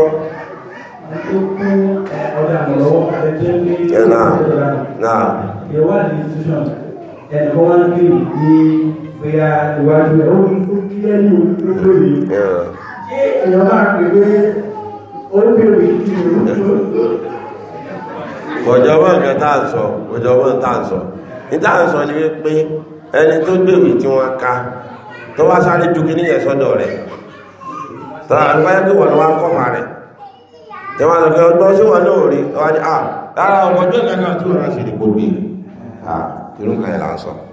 ẹ náà náà. ìwádìí institution ẹ̀kọ́ wá ń gbé ní bóyá ìwádìí ẹ̀ ó ń kí ẹ́ ní olùdókòwò yìí èèyàn máa pè pé oríbèrè ìlú kọjọ́wọ́ nǹkan tá à ń sọ kọjọ́wọ́ tá à ń sọ ní tá à ń sọ ni wípé ẹni tó gbèrè tí wọ́n ka tó wá sáré ju kí níyẹn sọ́dọ̀ rẹ̀ tó àgbáyé pé wọ́n wá kọ́mà rẹ̀ tí wọ́n lọ́kẹ́ ọgbọ́n sí wọn náà rí wọ́n ni à lára ọmọdé kankan tí wọ́n rà sí ìdìbò bíi à irú nǹkan yẹn là ń sọ.